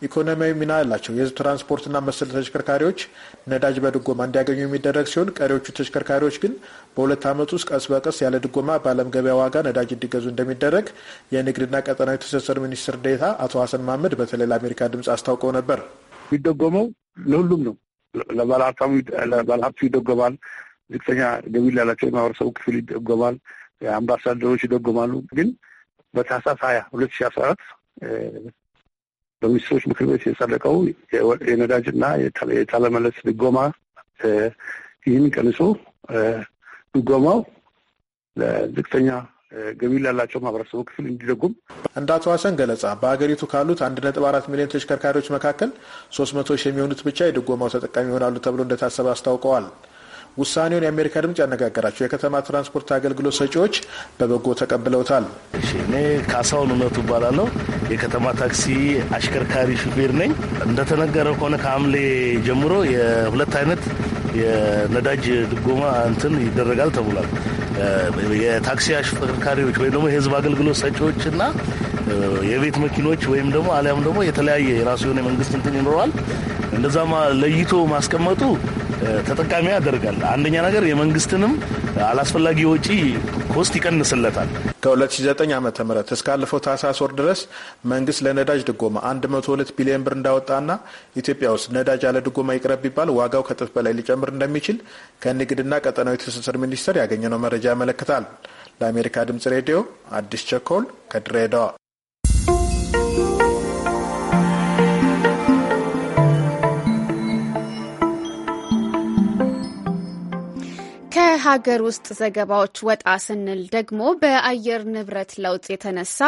[SPEAKER 10] ኢኮኖሚያዊ ሚና ያላቸው የህዝብ ትራንስፖርትና መሰል ተሽከርካሪዎች ነዳጅ በድጎማ እንዲያገኙ የሚደረግ ሲሆን ቀሪዎቹ ተሽከርካሪዎች ግን በሁለት ዓመት ውስጥ ቀስ በቀስ ያለ ድጎማ በዓለም ገበያ ዋጋ ነዳጅ እንዲገዙ እንደሚደረግ የንግድና ቀጠናዊ ትስስር ሚኒስትር ዴታ አቶ ሀሰን መሀመድ በተለይ ለአሜሪካ ድምፅ አስታውቀው ነበር። የሚደጎመው ለሁሉም ነው።
[SPEAKER 4] ለባለሀብቱ ይደጎማል። ዝቅተኛ ገቢ ላላቸው የማህበረሰቡ ክፍል ይደጎማል። አምባሳደሮች ይደጎማሉ። ግን በታህሳስ ሀያ ሁለት ሺ አስራ አራት በሚኒስትሮች ምክር ቤት የጸደቀው እና የታለመለስ
[SPEAKER 10] ድጎማ ይህን ቀንሶ ድጎማው ለዝቅተኛ ገቢ ላላቸው ማህበረሰቡ ክፍል እንዲደጉም እንደ አቶ ሀሰን ገለጻ በሀገሪቱ ካሉት አንድ ነጥብ አራት ሚሊዮን ተሽከርካሪዎች መካከል ሶስት መቶ ሺህ የሚሆኑት ብቻ የድጎማው ተጠቃሚ ይሆናሉ ተብሎ እንደታሰበ አስታውቀዋል። ውሳኔውን የአሜሪካ ድምጽ ያነጋገራቸው የከተማ ትራንስፖርት አገልግሎት ሰጪዎች በበጎ ተቀብለውታል። እኔ ካሳሁን እውነቱ እባላለሁ። የከተማ
[SPEAKER 4] ታክሲ አሽከርካሪ ሹፌር ነኝ። እንደተነገረው ከሆነ ከሐምሌ ጀምሮ የሁለት አይነት የነዳጅ ድጎማ እንትን ይደረጋል ተብሏል። የታክሲ አሽከርካሪዎች ወይም ደግሞ የህዝብ አገልግሎት ሰጪዎች እና የቤት መኪኖች ወይም ደግሞ አሊያም ደግሞ የተለያየ የራሱ የሆነ የመንግስት እንትን ይኖረዋል። እንደዛማ ለይቶ ማስቀመጡ
[SPEAKER 10] ተጠቃሚ ያደርጋል። አንደኛ ነገር የመንግስትንም አላስፈላጊ ወጪ ኮስት ይቀንስለታል። ከ2009 ዓ ም እስካለፈው ታህሳስ ወር ድረስ መንግስት ለነዳጅ ድጎማ 102 ቢሊዮን ብር እንዳወጣና ኢትዮጵያ ውስጥ ነዳጅ ያለ ድጎማ ይቅረብ ቢባል ዋጋው ከጥፍ በላይ ሊጨምር እንደሚችል ከንግድና ቀጠናዊ ትስስር ሚኒስቴር ያገኘነው መረጃ ያመለክታል። ለአሜሪካ ድምጽ ሬዲዮ አዲስ ቸኮል ከድሬዳዋ
[SPEAKER 1] ከሀገር ውስጥ ዘገባዎች ወጣ ስንል ደግሞ በአየር ንብረት ለውጥ የተነሳ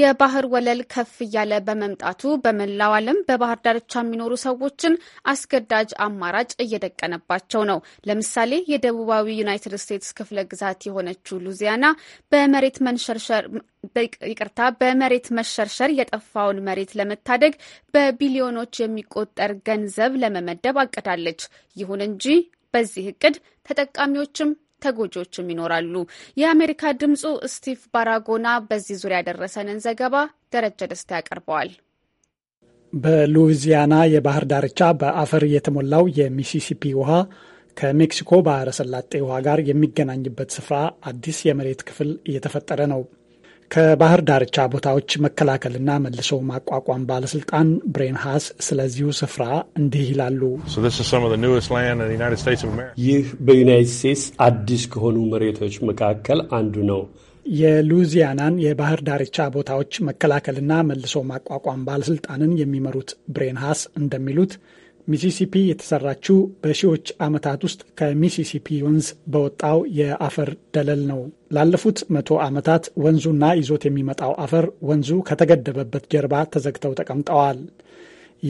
[SPEAKER 1] የባህር ወለል ከፍ እያለ በመምጣቱ በመላው ዓለም በባህር ዳርቻ የሚኖሩ ሰዎችን አስገዳጅ አማራጭ እየደቀነባቸው ነው። ለምሳሌ የደቡባዊ ዩናይትድ ስቴትስ ክፍለ ግዛት የሆነችው ሉዚያና በመሬት መንሸርሸር ይቅርታ፣ በመሬት መሸርሸር የጠፋውን መሬት ለመታደግ በቢሊዮኖች የሚቆጠር ገንዘብ ለመመደብ አቅዳለች። ይሁን እንጂ በዚህ እቅድ ተጠቃሚዎችም ተጎጂዎችም ይኖራሉ። የአሜሪካ ድምጹ ስቲቭ ባራጎና በዚህ ዙሪያ ያደረሰንን ዘገባ ደረጀ ደስታ ያቀርበዋል።
[SPEAKER 12] በሉዊዚያና የባህር ዳርቻ በአፈር የተሞላው የሚሲሲፒ ውሃ ከሜክሲኮ ባህረ ሰላጤ ውሃ ጋር የሚገናኝበት ስፍራ አዲስ የመሬት ክፍል እየተፈጠረ ነው። ከባህር ዳርቻ ቦታዎች መከላከልና መልሶ ማቋቋም ባለስልጣን ብሬን ሃስ ስለዚሁ ስፍራ እንዲህ ይላሉ።
[SPEAKER 13] ይህ በዩናይትድ ስቴትስ አዲስ ከሆኑ መሬቶች መካከል አንዱ ነው።
[SPEAKER 12] የሉዚያናን የባህር ዳርቻ ቦታዎች መከላከልና መልሶ ማቋቋም ባለስልጣንን የሚመሩት ብሬን ሃስ እንደሚሉት ሚሲሲፒ የተሰራችው በሺዎች ዓመታት ውስጥ ከሚሲሲፒ ወንዝ በወጣው የአፈር ደለል ነው። ላለፉት መቶ ዓመታት ወንዙና ይዞት የሚመጣው አፈር ወንዙ ከተገደበበት ጀርባ ተዘግተው ተቀምጠዋል።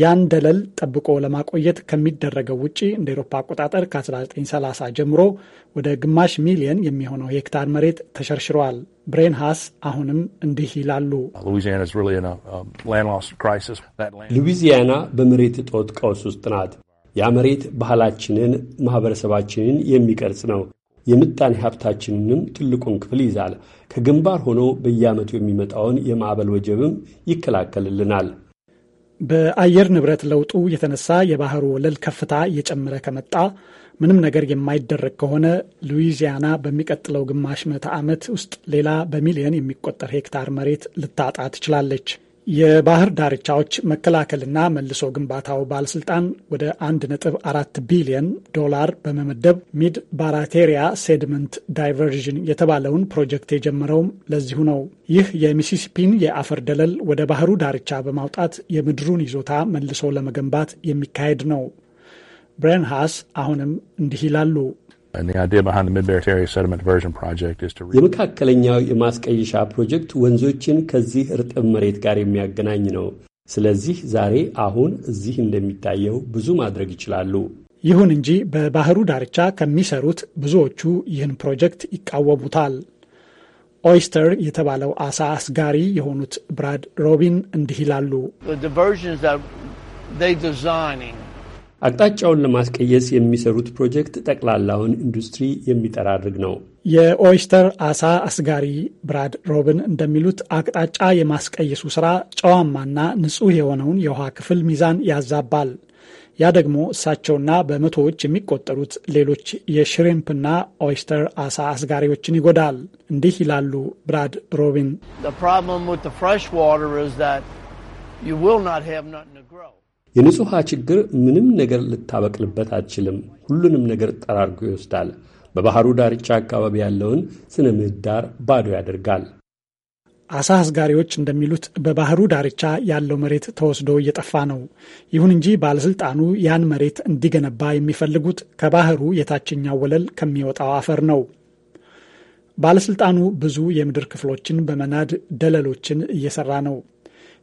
[SPEAKER 12] ያን ደለል ጠብቆ ለማቆየት ከሚደረገው ውጪ እንደ ኤሮፓ አቆጣጠር ከ1930 ጀምሮ ወደ ግማሽ ሚሊየን የሚሆነው ሄክታር መሬት ተሸርሽሯል። ብሬንሃስ አሁንም እንዲህ ይላሉ።
[SPEAKER 13] ሉዊዚያና በመሬት እጦት ቀውስ ውስጥ ናት። ያ መሬት ባህላችንን፣ ማኅበረሰባችንን የሚቀርጽ ነው። የምጣኔ ሀብታችንንም ትልቁን ክፍል ይዛል። ከግንባር ሆኖ በየዓመቱ የሚመጣውን የማዕበል ወጀብም ይከላከልልናል።
[SPEAKER 12] በአየር ንብረት ለውጡ የተነሳ የባህሩ ወለል ከፍታ እየጨመረ ከመጣ ምንም ነገር የማይደረግ ከሆነ ሉዊዚያና በሚቀጥለው ግማሽ ምዕተ ዓመት ውስጥ ሌላ በሚሊዮን የሚቆጠር ሄክታር መሬት ልታጣ ትችላለች። የባህር ዳርቻዎች መከላከልና መልሶ ግንባታው ባለስልጣን ወደ 1.4 ቢሊዮን ዶላር በመመደብ ሚድ ባራቴሪያ ሴድመንት ዳይቨርዥን የተባለውን ፕሮጀክት የጀመረውም ለዚሁ ነው። ይህ የሚሲሲፒን የአፈር ደለል ወደ ባህሩ ዳርቻ በማውጣት የምድሩን ይዞታ መልሶ ለመገንባት የሚካሄድ ነው። ብሬን ሃስ አሁንም እንዲህ ይላሉ።
[SPEAKER 13] የመካከለኛው የማስቀየሻ ፕሮጀክት ወንዞችን ከዚህ እርጥብ መሬት ጋር የሚያገናኝ ነው። ስለዚህ ዛሬ አሁን እዚህ እንደሚታየው ብዙ ማድረግ ይችላሉ።
[SPEAKER 12] ይሁን እንጂ በባህሩ ዳርቻ ከሚሰሩት ብዙዎቹ ይህን ፕሮጀክት ይቃወሙታል። ኦይስተር የተባለው አሳ አስጋሪ የሆኑት ብራድ ሮቢን እንዲህ ይላሉ።
[SPEAKER 13] አቅጣጫውን ለማስቀየስ የሚሰሩት ፕሮጀክት ጠቅላላውን ኢንዱስትሪ የሚጠራርግ ነው።
[SPEAKER 12] የኦይስተር አሳ አስጋሪ ብራድ ሮብን እንደሚሉት አቅጣጫ የማስቀየሱ ስራ ጨዋማና ንጹህ የሆነውን የውሃ ክፍል ሚዛን ያዛባል። ያ ደግሞ እሳቸውና በመቶዎች የሚቆጠሩት ሌሎች የሽሪምፕና ኦይስተር አሳ አስጋሪዎችን ይጎዳል። እንዲህ ይላሉ ብራድ ሮቢን።
[SPEAKER 13] የንጹሕ ችግር ምንም ነገር ልታበቅልበት አትችልም። ሁሉንም ነገር ጠራርጎ ይወስዳል። በባህሩ ዳርቻ አካባቢ ያለውን ስነ ምህዳር ባዶ ያደርጋል።
[SPEAKER 12] አሳ አስጋሪዎች እንደሚሉት በባህሩ ዳርቻ ያለው መሬት ተወስዶ እየጠፋ ነው። ይሁን እንጂ ባለስልጣኑ ያን መሬት እንዲገነባ የሚፈልጉት ከባህሩ የታችኛው ወለል ከሚወጣው አፈር ነው። ባለስልጣኑ ብዙ የምድር ክፍሎችን በመናድ ደለሎችን እየሰራ ነው።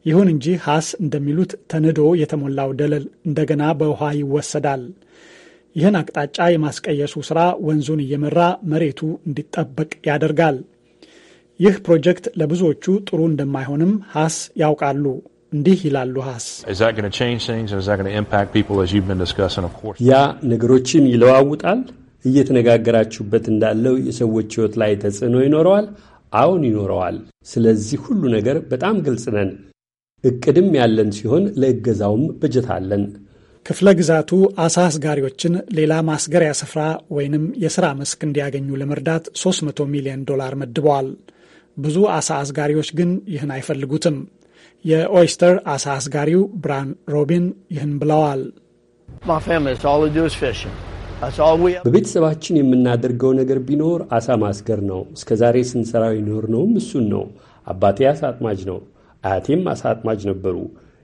[SPEAKER 12] ይሁን እንጂ ሐስ እንደሚሉት ተንዶ የተሞላው ደለል እንደገና በውሃ ይወሰዳል። ይህን አቅጣጫ የማስቀየሱ ሥራ ወንዙን እየመራ መሬቱ እንዲጠበቅ ያደርጋል። ይህ ፕሮጀክት ለብዙዎቹ ጥሩ እንደማይሆንም ሐስ ያውቃሉ። እንዲህ ይላሉ ሐስ።
[SPEAKER 8] ያ
[SPEAKER 13] ነገሮችን ይለዋውጣል። እየተነጋገራችሁበት እንዳለው የሰዎች ሕይወት ላይ ተጽዕኖ ይኖረዋል። አሁን ይኖረዋል። ስለዚህ ሁሉ ነገር በጣም ግልጽ ነን። እቅድም ያለን ሲሆን ለእገዛውም በጀት አለን።
[SPEAKER 12] ክፍለ ግዛቱ አሳ አስጋሪዎችን ሌላ ማስገሪያ ስፍራ ወይንም የሥራ መስክ እንዲያገኙ ለመርዳት 300 ሚሊዮን ዶላር መድበዋል። ብዙ አሳ አስጋሪዎች ግን ይህን አይፈልጉትም። የኦይስተር አሳ አስጋሪው ብራን ሮቢን ይህን ብለዋል።
[SPEAKER 13] በቤተሰባችን የምናደርገው ነገር ቢኖር አሳ ማስገር ነው። እስከ ዛሬ ስንሰራው ነውም እሱን ነው። አባቴ አሳ አጥማጅ ነው። አያቴም አሳ አጥማጅ ነበሩ።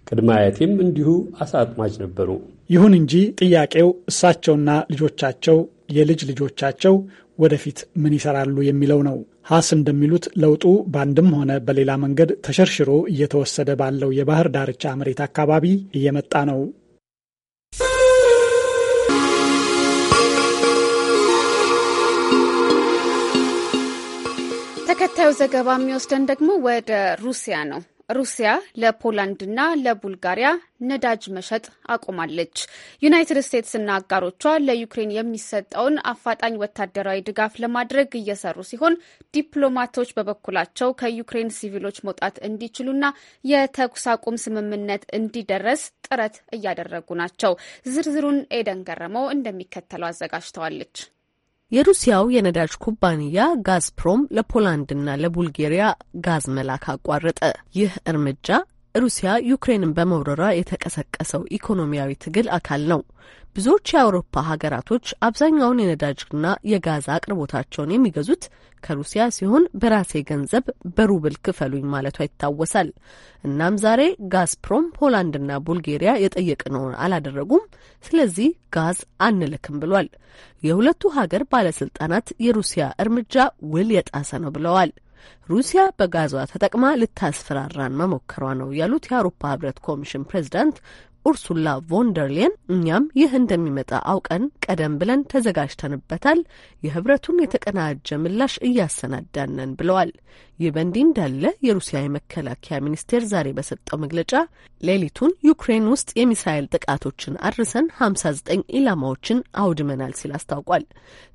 [SPEAKER 13] ቅድመ አያቴም እንዲሁ አሳ አጥማጅ ነበሩ።
[SPEAKER 12] ይሁን እንጂ ጥያቄው እሳቸውና ልጆቻቸው የልጅ ልጆቻቸው ወደፊት ምን ይሰራሉ የሚለው ነው። ሀስ እንደሚሉት ለውጡ በአንድም ሆነ በሌላ መንገድ ተሸርሽሮ እየተወሰደ ባለው የባህር ዳርቻ መሬት አካባቢ እየመጣ ነው።
[SPEAKER 1] ተከታዩ ዘገባ የሚወስደን ደግሞ ወደ ሩሲያ ነው። ሩሲያ ለፖላንድና ለቡልጋሪያ ነዳጅ መሸጥ አቁማለች። ዩናይትድ ስቴትስና አጋሮቿ ለዩክሬን የሚሰጠውን አፋጣኝ ወታደራዊ ድጋፍ ለማድረግ እየሰሩ ሲሆን ዲፕሎማቶች በበኩላቸው ከዩክሬን ሲቪሎች መውጣት እንዲችሉና የተኩስ አቁም ስምምነት እንዲደረስ ጥረት እያደረጉ ናቸው። ዝርዝሩን ኤደን ገረመው እንደሚከተለው አዘጋጅተዋለች።
[SPEAKER 9] የሩሲያው የነዳጅ ኩባንያ ጋዝፕሮም ለፖላንድና ለቡልጌሪያ ጋዝ መላክ አቋረጠ። ይህ እርምጃ ሩሲያ ዩክሬንን በመውረሯ የተቀሰቀሰው ኢኮኖሚያዊ ትግል አካል ነው። ብዙዎች የአውሮፓ ሀገራቶች አብዛኛውን የነዳጅና የጋዝ አቅርቦታቸውን የሚገዙት ከሩሲያ ሲሆን በራሴ ገንዘብ በሩብል ክፈሉኝ ማለቷ ይታወሳል። እናም ዛሬ ጋዝፕሮም ፖላንድና ቡልጌሪያ የጠየቅነውን አላደረጉም፣ ስለዚህ ጋዝ አንልክም ብሏል። የሁለቱ ሀገር ባለስልጣናት የሩሲያ እርምጃ ውል የጣሰ ነው ብለዋል። ሩሲያ በጋዟ ተጠቅማ ልታስፈራራን መሞከሯ ነው ያሉት የአውሮፓ ህብረት ኮሚሽን ፕሬዚዳንት ኡርሱላ ቮንደርሌን እኛም ይህ እንደሚመጣ አውቀን ቀደም ብለን ተዘጋጅተንበታል፣ የህብረቱን የተቀናጀ ምላሽ እያሰናዳነን ብለዋል። ይህ በእንዲህ እንዳለ የሩሲያ የመከላከያ ሚኒስቴር ዛሬ በሰጠው መግለጫ ሌሊቱን ዩክሬን ውስጥ የሚሳኤል ጥቃቶችን አድርሰን ሀምሳ ዘጠኝ ኢላማዎችን አውድመናል ሲል አስታውቋል።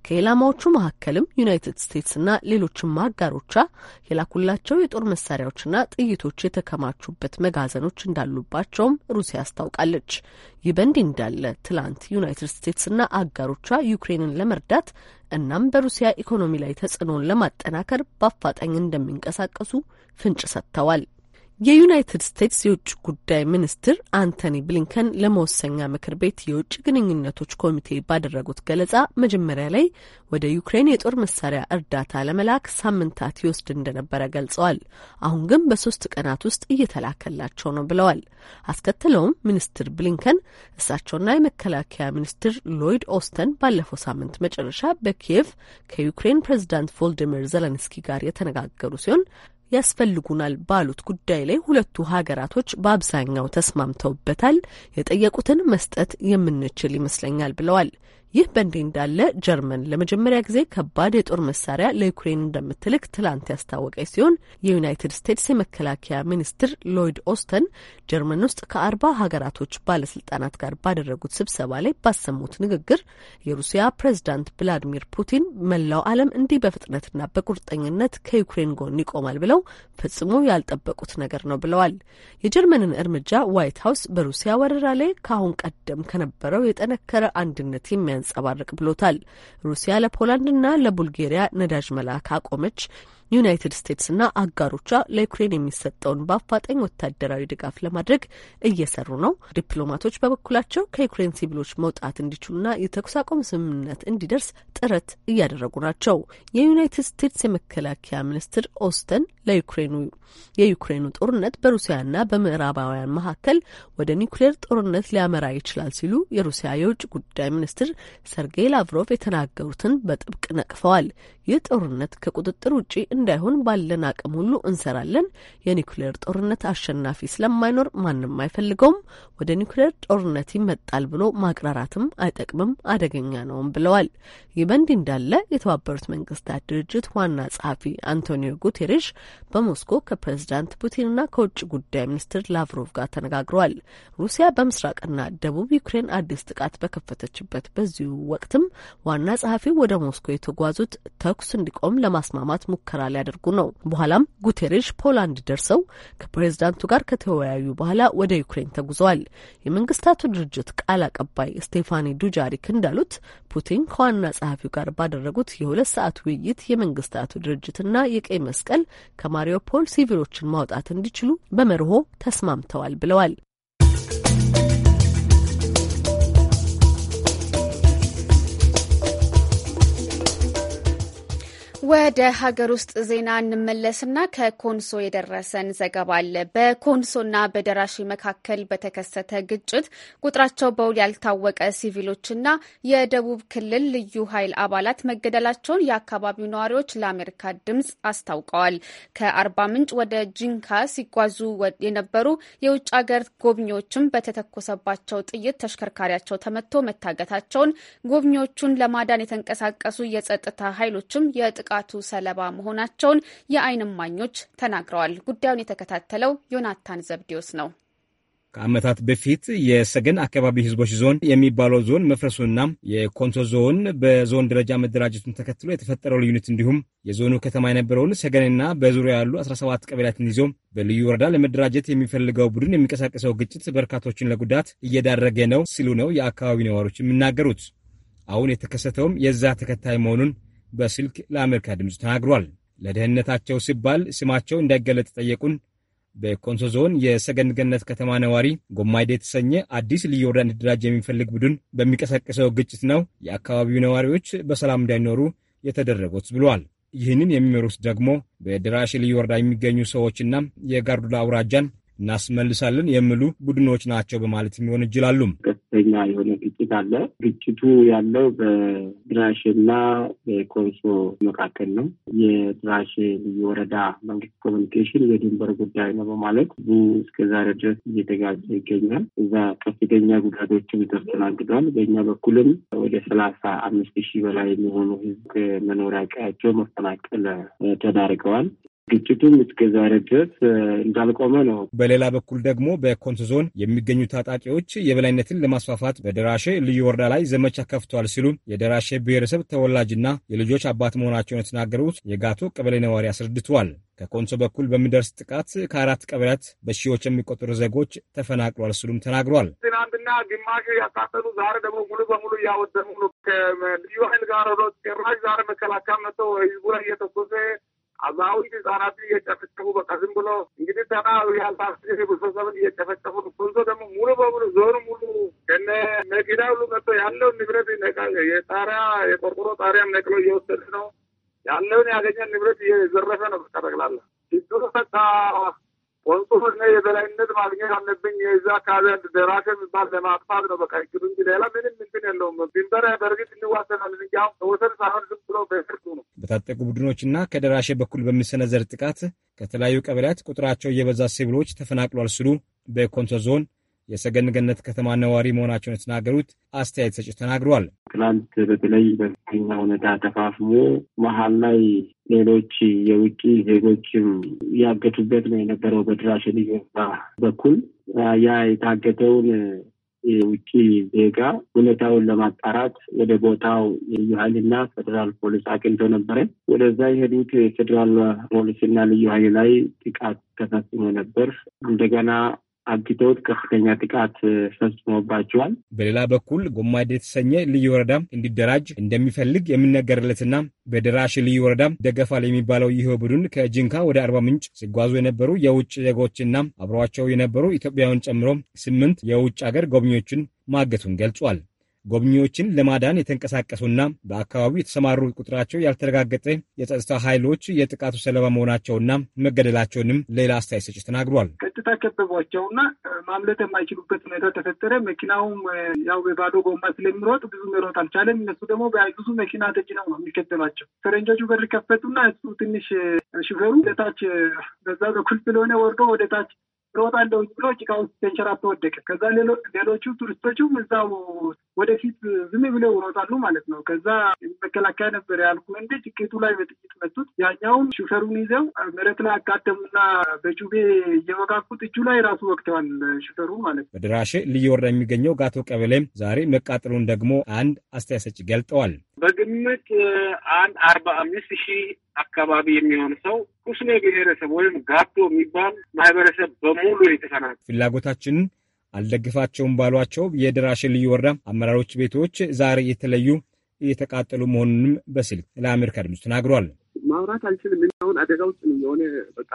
[SPEAKER 9] ከኢላማዎቹ መካከልም ዩናይትድ ስቴትስና ሌሎችም አጋሮቿ የላኩላቸው የጦር መሳሪያዎችና ጥይቶች የተከማቹበት መጋዘኖች እንዳሉባቸውም ሩሲያ አስታውቃለች። ይህ በእንዲህ እንዳለ ትላንት ዩናይትድ ስቴትስና አጋሮቿ ዩክሬንን ለመርዳት እናም በሩሲያ ኢኮኖሚ ላይ ተጽዕኖን ለማጠናከር በአፋጣኝ እንደሚንቀሳቀሱ ፍንጭ ሰጥተዋል። የዩናይትድ ስቴትስ የውጭ ጉዳይ ሚኒስትር አንቶኒ ብሊንከን ለመወሰኛ ምክር ቤት የውጭ ግንኙነቶች ኮሚቴ ባደረጉት ገለጻ መጀመሪያ ላይ ወደ ዩክሬን የጦር መሳሪያ እርዳታ ለመላክ ሳምንታት ይወስድ እንደነበረ ገልጸዋል። አሁን ግን በሶስት ቀናት ውስጥ እየተላከላቸው ነው ብለዋል። አስከትለውም ሚኒስትር ብሊንከን እሳቸውና የመከላከያ ሚኒስትር ሎይድ ኦስተን ባለፈው ሳምንት መጨረሻ በኪየቭ ከዩክሬን ፕሬዚዳንት ቮልዲሚር ዘለንስኪ ጋር የተነጋገሩ ሲሆን ያስፈልጉናል ባሉት ጉዳይ ላይ ሁለቱ ሀገራቶች በአብዛኛው ተስማምተውበታል። የጠየቁትን መስጠት የምንችል ይመስለኛል ብለዋል። ይህ በእንዲህ እንዳለ ጀርመን ለመጀመሪያ ጊዜ ከባድ የጦር መሳሪያ ለዩክሬን እንደምትልክ ትላንት ያስታወቀች ሲሆን የዩናይትድ ስቴትስ የመከላከያ ሚኒስትር ሎይድ ኦስተን ጀርመን ውስጥ ከአርባ ሀገራቶች ባለስልጣናት ጋር ባደረጉት ስብሰባ ላይ ባሰሙት ንግግር የሩሲያ ፕሬዚዳንት ቭላዲሚር ፑቲን መላው ዓለም እንዲህ በፍጥነትና በቁርጠኝነት ከዩክሬን ጎን ይቆማል ብለው ፈጽሞ ያልጠበቁት ነገር ነው ብለዋል። የጀርመንን እርምጃ ዋይት ሀውስ በሩሲያ ወረራ ላይ ከአሁን ቀደም ከነበረው የጠነከረ አንድነት የሚያ የሚያንጸባርቅ ብሎታል። ሩሲያ ለፖላንድና ለቡልጌሪያ ነዳጅ መላክ አቆመች። ዩናይትድ ስቴትስና አጋሮቿ ለዩክሬን የሚሰጠውን በአፋጣኝ ወታደራዊ ድጋፍ ለማድረግ እየሰሩ ነው። ዲፕሎማቶች በበኩላቸው ከዩክሬን ሲቪሎች መውጣት እንዲችሉና የተኩስ አቁም ስምምነት እንዲደርስ ጥረት እያደረጉ ናቸው። የዩናይትድ ስቴትስ የመከላከያ ሚኒስትር ኦስተን ለዩክሬኑ የዩክሬኑ ጦርነት በሩሲያና በምዕራባውያን መካከል ወደ ኒውክሌር ጦርነት ሊያመራ ይችላል ሲሉ የሩሲያ የውጭ ጉዳይ ሚኒስትር ሰርጌይ ላቭሮቭ የተናገሩትን በጥብቅ ነቅፈዋል። ይህ ጦርነት ከቁጥጥር ውጪ እንዳይሆን ባለን አቅም ሁሉ እንሰራለን። የኒውክሌር ጦርነት አሸናፊ ስለማይኖር ማንም አይፈልገውም። ወደ ኒውክሌር ጦርነት ይመጣል ብሎ ማቅራራትም አይጠቅምም፣ አደገኛ ነውም ብለዋል። ይህ በእንዲህ እንዳለ የተባበሩት መንግስታት ድርጅት ዋና ጸሐፊ አንቶኒዮ ጉቴሬሽ በሞስኮ ከፕሬዝዳንት ፑቲንና ከውጭ ጉዳይ ሚኒስትር ላቭሮቭ ጋር ተነጋግረዋል። ሩሲያ በምስራቅና ደቡብ ዩክሬን አዲስ ጥቃት በከፈተችበት በዚሁ ወቅትም ዋና ጸሐፊው ወደ ሞስኮ የተጓዙት ተኩስ እንዲቆም ለማስማማት ሙከራ ሊያደርጉ ነው። በኋላም ጉቴሬሽ ፖላንድ ደርሰው ከፕሬዝዳንቱ ጋር ከተወያዩ በኋላ ወደ ዩክሬን ተጉዘዋል። የመንግስታቱ ድርጅት ቃል አቀባይ ስቴፋኒ ዱጃሪክ እንዳሉት ፑቲን ከዋና ጸሐፊው ጋር ባደረጉት የሁለት ሰዓት ውይይት የመንግስታቱ ድርጅትና የቀይ መስቀል ከ ከማሪዮፖል ሲቪሎችን ማውጣት እንዲችሉ በመርሆ ተስማምተዋል ብለዋል።
[SPEAKER 1] ወደ ሀገር ውስጥ ዜና እንመለስና ከኮንሶ የደረሰን ዘገባ አለ። በኮንሶና በደራሽ መካከል በተከሰተ ግጭት ቁጥራቸው በውል ያልታወቀ ሲቪሎችና የደቡብ ክልል ልዩ ኃይል አባላት መገደላቸውን የአካባቢው ነዋሪዎች ለአሜሪካ ድምጽ አስታውቀዋል። ከአርባ ምንጭ ወደ ጂንካ ሲጓዙ የነበሩ የውጭ ሀገር ጎብኚዎችም በተተኮሰባቸው ጥይት ተሽከርካሪያቸው ተመቶ መታገታቸውን፣ ጎብኚዎቹን ለማዳን የተንቀሳቀሱ የጸጥታ ኃይሎችም የጥቃ ጥቃቱ ሰለባ መሆናቸውን የዓይን እማኞች ተናግረዋል። ጉዳዩን የተከታተለው ዮናታን ዘብዲዮስ ነው።
[SPEAKER 14] ከዓመታት በፊት የሰገን አካባቢ ህዝቦች ዞን የሚባለው ዞን መፍረሱንና የኮንሶ ዞን በዞን ደረጃ መደራጀቱን ተከትሎ የተፈጠረው ልዩነት እንዲሁም የዞኑ ከተማ የነበረውን ሰገንና በዙሪያ ያሉ 17 ቀበሌያትን ይዞ በልዩ ወረዳ ለመደራጀት የሚፈልገው ቡድን የሚንቀሳቀሰው ግጭት በርካቶችን ለጉዳት እየዳረገ ነው ሲሉ ነው የአካባቢ ነዋሪዎች የሚናገሩት። አሁን የተከሰተውም የዛ ተከታይ መሆኑን በስልክ ለአሜሪካ ድምፅ ተናግሯል። ለደህንነታቸው ሲባል ስማቸው እንዳይገለጥ ጠየቁን በኮንሶ ዞን የሰገን ገነት ከተማ ነዋሪ ጎማይደ የተሰኘ አዲስ ልዩ ወረዳ እንዲደራጅ የሚፈልግ ቡድን በሚቀሰቅሰው ግጭት ነው የአካባቢው ነዋሪዎች በሰላም እንዳይኖሩ የተደረጉት ብለዋል። ይህንን የሚመሩት ደግሞ በድራሽ ልዩ ወረዳ የሚገኙ ሰዎችና የጋርዱላ አውራጃን እናስመልሳለን የሚሉ ቡድኖች ናቸው በማለት የሚሆን ይችላሉ። የሆነ ግጭት አለ።
[SPEAKER 6] ግጭቱ ያለው በድራሽ እና በኮንሶ መካከል ነው። የድራሽ ልዩ ወረዳ መንግስት ኮሚኒኬሽን የድንበር ጉዳይ ነው በማለት ብዙ እስከዛሬ ድረስ እየተጋጨ ይገኛል። እዛ ከፍተኛ ጉዳቶችም ተስተናግዷል። በእኛ በኩልም ወደ ሰላሳ አምስት ሺህ በላይ የሚሆኑ ህዝብ ከመኖሪያ ቀያቸው መፈናቀል ተዳርገዋል።
[SPEAKER 14] ግጭቱ እስከዛሬ ድረስ እንዳልቆመ ነው። በሌላ በኩል ደግሞ በኮንሶ ዞን የሚገኙ ታጣቂዎች የበላይነትን ለማስፋፋት በደራሼ ልዩ ወረዳ ላይ ዘመቻ ከፍተዋል ሲሉ የደራሼ ብሔረሰብ ተወላጅና የልጆች አባት መሆናቸውን የተናገሩት የጋቶ ቀበሌ ነዋሪ አስረድተዋል። ከኮንሶ በኩል በሚደርስ ጥቃት ከአራት ቀበሌያት በሺዎች የሚቆጠሩ ዜጎች ተፈናቅሏል ሲሉም ተናግሯል። ትናንትና ግማሽ ያካተሉ ዛሬ ደግሞ ሙሉ በሙሉ እያወደሙ
[SPEAKER 6] ከልዩ ኃይል ጋር ጭራሽ ዛሬ መከላከያ መጥቶ ህዝቡ ላይ እየተኮሰ አዛውንት ህጻናትን እየጨፈጨፉ በቃ ዝም ብሎ እንግዲህ ተና ያልታሰረ ብሰሰብን እየጨፈጨፉ ኮንሶ ደግሞ ሙሉ በሙሉ ዞኑ ሙሉ ከነ መኪና ሁሉ መጥቶ ያለውን ንብረት የጣሪያ የቆርቆሮ ጣሪያም ነቅሎ እየወሰደ ነው። ያለውን ያገኘን ንብረት እየዘረፈ ነው። በቃ ጠቅላላ ችግሩ በቃ ወንቁር እኔ የበላይነት ማግኘት አለብኝ። የዚ አካባቢ አንድ ደራሽ የሚባል ለማጥፋት ነው በቃ ይችሉ እንጂ ሌላ ምንም እንትን የለውም። ድንበር በእርግጥ እንዋሰናል እንጂ አሁን ተወሰን ሳይሆን ዝም ብሎ በፍርዱ ነው።
[SPEAKER 14] በታጠቁ ቡድኖችና ከደራሼ በኩል በሚሰነዘር ጥቃት ከተለያዩ ቀበሌያት ቁጥራቸው እየበዛ ሲቪሎች ተፈናቅሏል ሲሉ በኮንሶ ዞን የሰገን ገነት ከተማ ነዋሪ መሆናቸውን የተናገሩት አስተያየት ሰጭ ተናግረዋል። ትላንት
[SPEAKER 6] በተለይ በከፍተኛ ሁኔታ ተፋፍሞ መሀል ላይ ሌሎች የውጭ ዜጎችም ያገቱበት ነው የነበረው። በድራሽ ልዩ በኩል ያ የታገተውን የውጭ ዜጋ ሁኔታውን ለማጣራት ወደ ቦታው ልዩ ኃይልና ፌዴራል ፖሊስ አቅንቶ ነበረ። ወደዛ የሄዱት ፌዴራል ፖሊስና ልዩ ኃይል ላይ ጥቃት ተፈጽሞ ነበር። እንደገና አግተውት ከፍተኛ ጥቃት ፈጽሞባቸዋል።
[SPEAKER 14] በሌላ በኩል ጎማዴ የተሰኘ ልዩ ወረዳ እንዲደራጅ እንደሚፈልግ የሚነገርለትና በደራሽ ልዩ ወረዳ ደገፋል የሚባለው ይህ ቡድን ከጅንካ ወደ አርባ ምንጭ ሲጓዙ የነበሩ የውጭ ዜጎችና አብረቸው የነበሩ ኢትዮጵያውያን ጨምሮ ስምንት የውጭ ሀገር ጎብኚዎችን ማገቱን ገልጿል። ጎብኚዎችን ለማዳን የተንቀሳቀሱና በአካባቢው የተሰማሩ ቁጥራቸው ያልተረጋገጠ የጸጥታ ኃይሎች የጥቃቱ ሰለባ መሆናቸውና መገደላቸውንም ሌላ አስተያየት ሰጭ ተናግሯል።
[SPEAKER 7] ቀጥታ ከበቧቸውና
[SPEAKER 10] ማምለጥ የማይችሉበት ሁኔታ ተፈጠረ። መኪናውም ያው በባዶ ጎማ ስለሚሮጥ ብዙ መሮጥ አልቻለም። እነሱ ደግሞ ብዙ መኪና ተጭነው ነው የሚከተላቸው። ፈረንጆቹ በር ከፈቱና እሱ ትንሽ ሹፌሩ ወደታች በዛ በኩል ስለሆነ ወርዶ ወደታች እወጣለሁ ብሎ ጭቃ ውስጥ ተንሸራቶ ወደቀ። ከዛ ሌሎቹ ቱሪስቶቹም እዛው ወደፊት ዝም ብለው ይሮጣሉ ማለት ነው። ከዛ መከላከያ ነበር ያልኩ እንደ ጭቄቱ ላይ በጥቂት መቱት። ያኛውን ሹፌሩን ይዘው መሬት ላይ አጋደሙና በጩቤ እየመቃኩት እጁ ላይ ራሱ ወቅተዋል
[SPEAKER 6] ሹፌሩ ማለት ነው።
[SPEAKER 14] በድራሼ ልዩ ወረዳ የሚገኘው ጋቶ ቀበሌም ዛሬ መቃጠሉን ደግሞ አንድ አስተያየት ገልጠዋል።
[SPEAKER 6] በግምት አንድ አርባ አምስት ሺህ አካባቢ የሚሆን ሰው ኩስሌ ብሔረሰብ ወይም ጋቶ የሚባል ማህበረሰብ በሙሉ የተፈናቀለ
[SPEAKER 14] ፍላጎታችን አልደግፋቸውም ባሏቸው የደራሽ ልዩ ወረዳ አመራሮች ቤቶች ዛሬ የተለዩ እየተቃጠሉ መሆኑንም በስልክ ለአሜሪካ ድምፅ ተናግሯል።
[SPEAKER 6] ማውራት አልችልም። አሁን አደጋ ውስጥ ነው የሆነ በቃ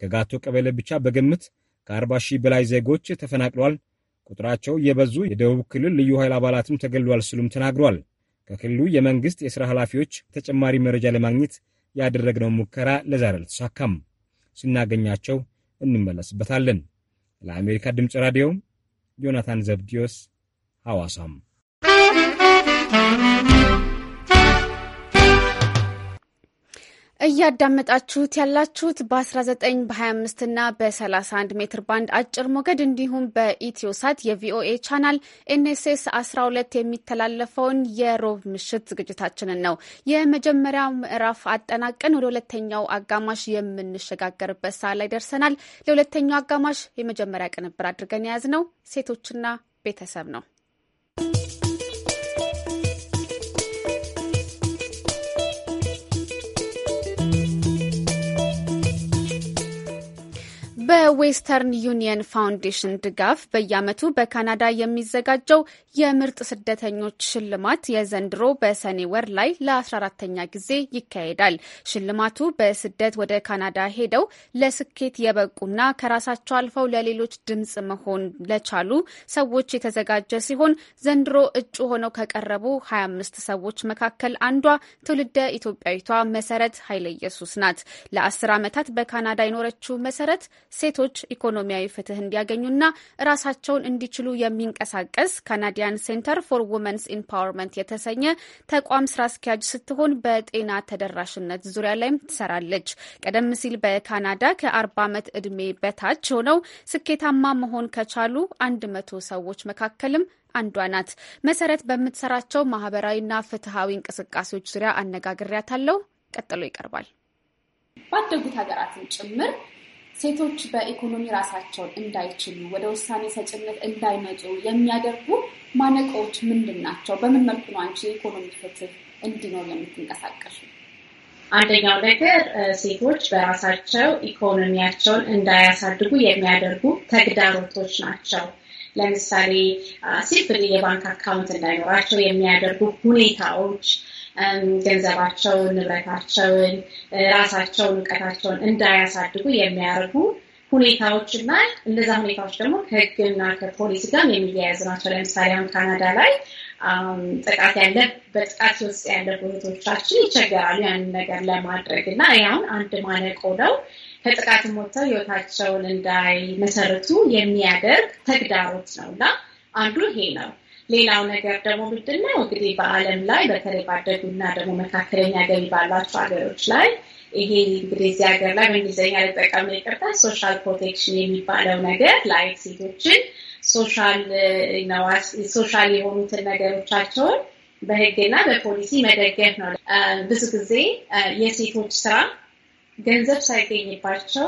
[SPEAKER 14] ከጋቶ ቀበሌ ብቻ በግምት ከአርባ ሺህ በላይ ዜጎች ተፈናቅሏል። ቁጥራቸው እየበዙ የደቡብ ክልል ልዩ ኃይል አባላትም ተገልሏል ሲሉም ተናግሯል። ከክልሉ የመንግሥት የሥራ ኃላፊዎች ተጨማሪ መረጃ ለማግኘት ያደረግነው ሙከራ ለዛሬ አልተሳካም። ስናገኛቸው እንመለስበታለን። ለአሜሪካ ድምፅ ራዲዮ ዮናታን ዘብዲዮስ ሐዋሳም
[SPEAKER 1] እያዳመጣችሁት ያላችሁት በ19 በ25 እና በ31 ሜትር ባንድ አጭር ሞገድ እንዲሁም በኢትዮሳት የቪኦኤ ቻናል ኤንኤስኤስ 12 የሚተላለፈውን የሮብ ምሽት ዝግጅታችንን ነው። የመጀመሪያ ምዕራፍ አጠናቀን ወደ ሁለተኛው አጋማሽ የምንሸጋገርበት ሰዓት ላይ ደርሰናል። ለሁለተኛው አጋማሽ የመጀመሪያ ቅንብር አድርገን የያዝነው ሴቶችና ቤተሰብ ነው። በዌስተርን ዩኒየን ፋውንዴሽን ድጋፍ በየዓመቱ በካናዳ የሚዘጋጀው የምርጥ ስደተኞች ሽልማት የዘንድሮ በሰኔ ወር ላይ ለ14ተኛ ጊዜ ይካሄዳል። ሽልማቱ በስደት ወደ ካናዳ ሄደው ለስኬት የበቁና ከራሳቸው አልፈው ለሌሎች ድምፅ መሆን ለቻሉ ሰዎች የተዘጋጀ ሲሆን ዘንድሮ እጩ ሆነው ከቀረቡ 25 ሰዎች መካከል አንዷ ትውልደ ኢትዮጵያዊቷ መሰረት ኃይለ ኢየሱስ ናት። ለአስር ዓመታት በካናዳ የኖረችው መሰረት ሴቶች ኢኮኖሚያዊ ፍትህ እንዲያገኙና ራሳቸውን እንዲችሉ የሚንቀሳቀስ ካናዲያን ሴንተር ፎር ውመንስ ኢምፓወርመንት የተሰኘ ተቋም ስራ አስኪያጅ ስትሆን በጤና ተደራሽነት ዙሪያ ላይም ትሰራለች። ቀደም ሲል በካናዳ ከ40 ዓመት ዕድሜ በታች ሆነው ስኬታማ መሆን ከቻሉ 100 ሰዎች መካከልም አንዷ ናት። መሰረት በምትሰራቸው ማህበራዊና ፍትሐዊ እንቅስቃሴዎች ዙሪያ አነጋግሪያታለሁ። ቀጥሎ ይቀርባል። ባደጉት ሀገራትን ጭምር ሴቶች በኢኮኖሚ ራሳቸውን እንዳይችሉ ወደ ውሳኔ ሰጭነት እንዳይመጡ የሚያደርጉ ማነቆዎች ምንድን ናቸው? በምን መልኩ ነው አንቺ የኢኮኖሚ ፍትህ እንዲኖር የምትንቀሳቀሱ?
[SPEAKER 3] አንደኛው ነገር ሴቶች በራሳቸው ኢኮኖሚያቸውን እንዳያሳድጉ የሚያደርጉ ተግዳሮቶች ናቸው። ለምሳሌ ሲምፕል የባንክ አካውንት እንዳይኖራቸው የሚያደርጉ ሁኔታዎች ገንዘባቸውን፣ ንብረታቸውን፣ ራሳቸውን፣ እውቀታቸውን እንዳያሳድጉ የሚያደርጉ ሁኔታዎች እና እነዛ ሁኔታዎች ደግሞ ከህግና ከፖሊሲ ጋር የሚያያዝ ናቸው። ለምሳሌ አሁን ካናዳ ላይ ጥቃት ያለ በጥቃት ውስጥ ያለ እህቶቻችን ይቸገራሉ ያንን ነገር ለማድረግ እና ያሁን አንድ ማነቆ ነው። ከጥቃት ወጥተው ህይወታቸውን እንዳይመሰርቱ የሚያደርግ ተግዳሮት ነው እና አንዱ ይሄ ነው። ሌላው ነገር ደግሞ ምንድን ነው እንግዲህ በዓለም ላይ በተለይ እና ደግሞ መካከለኛ ገቢ ባላቸው ሀገሮች ላይ ይሄ እንግዲህ እዚህ ሀገር ላይ በእንግሊዝኛ ልጠቀም ይቅርታ፣ ሶሻል ፕሮቴክሽን የሚባለው ነገር ላይክ ሴቶችን ሶሻል የሆኑትን ነገሮቻቸውን በህግና በፖሊሲ መደገፍ ነው። ብዙ ጊዜ የሴቶች ስራ ገንዘብ ሳይገኝባቸው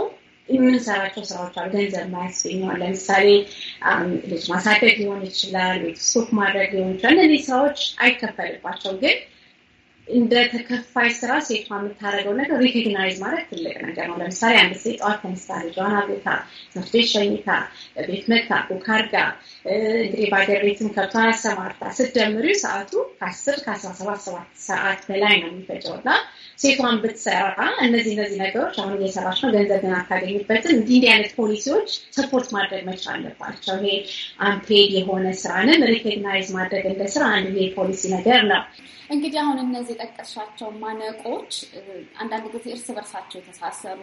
[SPEAKER 3] የምንሰራቸው ስራዎች አሉ ገንዘብ ማያስገኘዋል። ለምሳሌ ልጅ ማሳደግ ሊሆን ይችላል፣ ቤት ማድረግ ሊሆን ይችላል። እነዚህ ስራዎች አይከፈልባቸው ግን እንደ ተከፋይ ስራ ሴቷ የምታደርገው ነገር ሪኮግናይዝ ማለት ትልቅ ነገር ነው። ለምሳሌ አንድ ሴት ጠዋት ተነስታ ልጇን አብታ ትምህርት ቤት ሸኝታ ቤት መታ ኮካርጋ እንግዲህ በሀገር ቤትም ከብቷን አሰማርታ ስትደምሪው ሰዓቱ ከአስር ከአስራ ሰባት ሰባት ሰዓት በላይ ነው የሚፈጨው እና ሴቷን ብትሰራ እነዚህ እነዚህ ነገሮች አሁን እየሰራች ነው፣ ገንዘብን አታገኝበትም፣ እንዲህ እንዲህ አይነት ፖሊሲዎች ሰፖርት ማድረግ መቻል አለባቸው። ይሄ አንፔድ የሆነ ስራንም ሪኮግናይዝ ማድረግ እንደ ስራ አንድ ይሄ ፖሊሲ ነገር ነው።
[SPEAKER 1] እንግዲህ አሁን እነዚህ የጠቀሻቸው ማነቆች አንዳንድ ጊዜ እርስ በርሳቸው የተሳሰሩ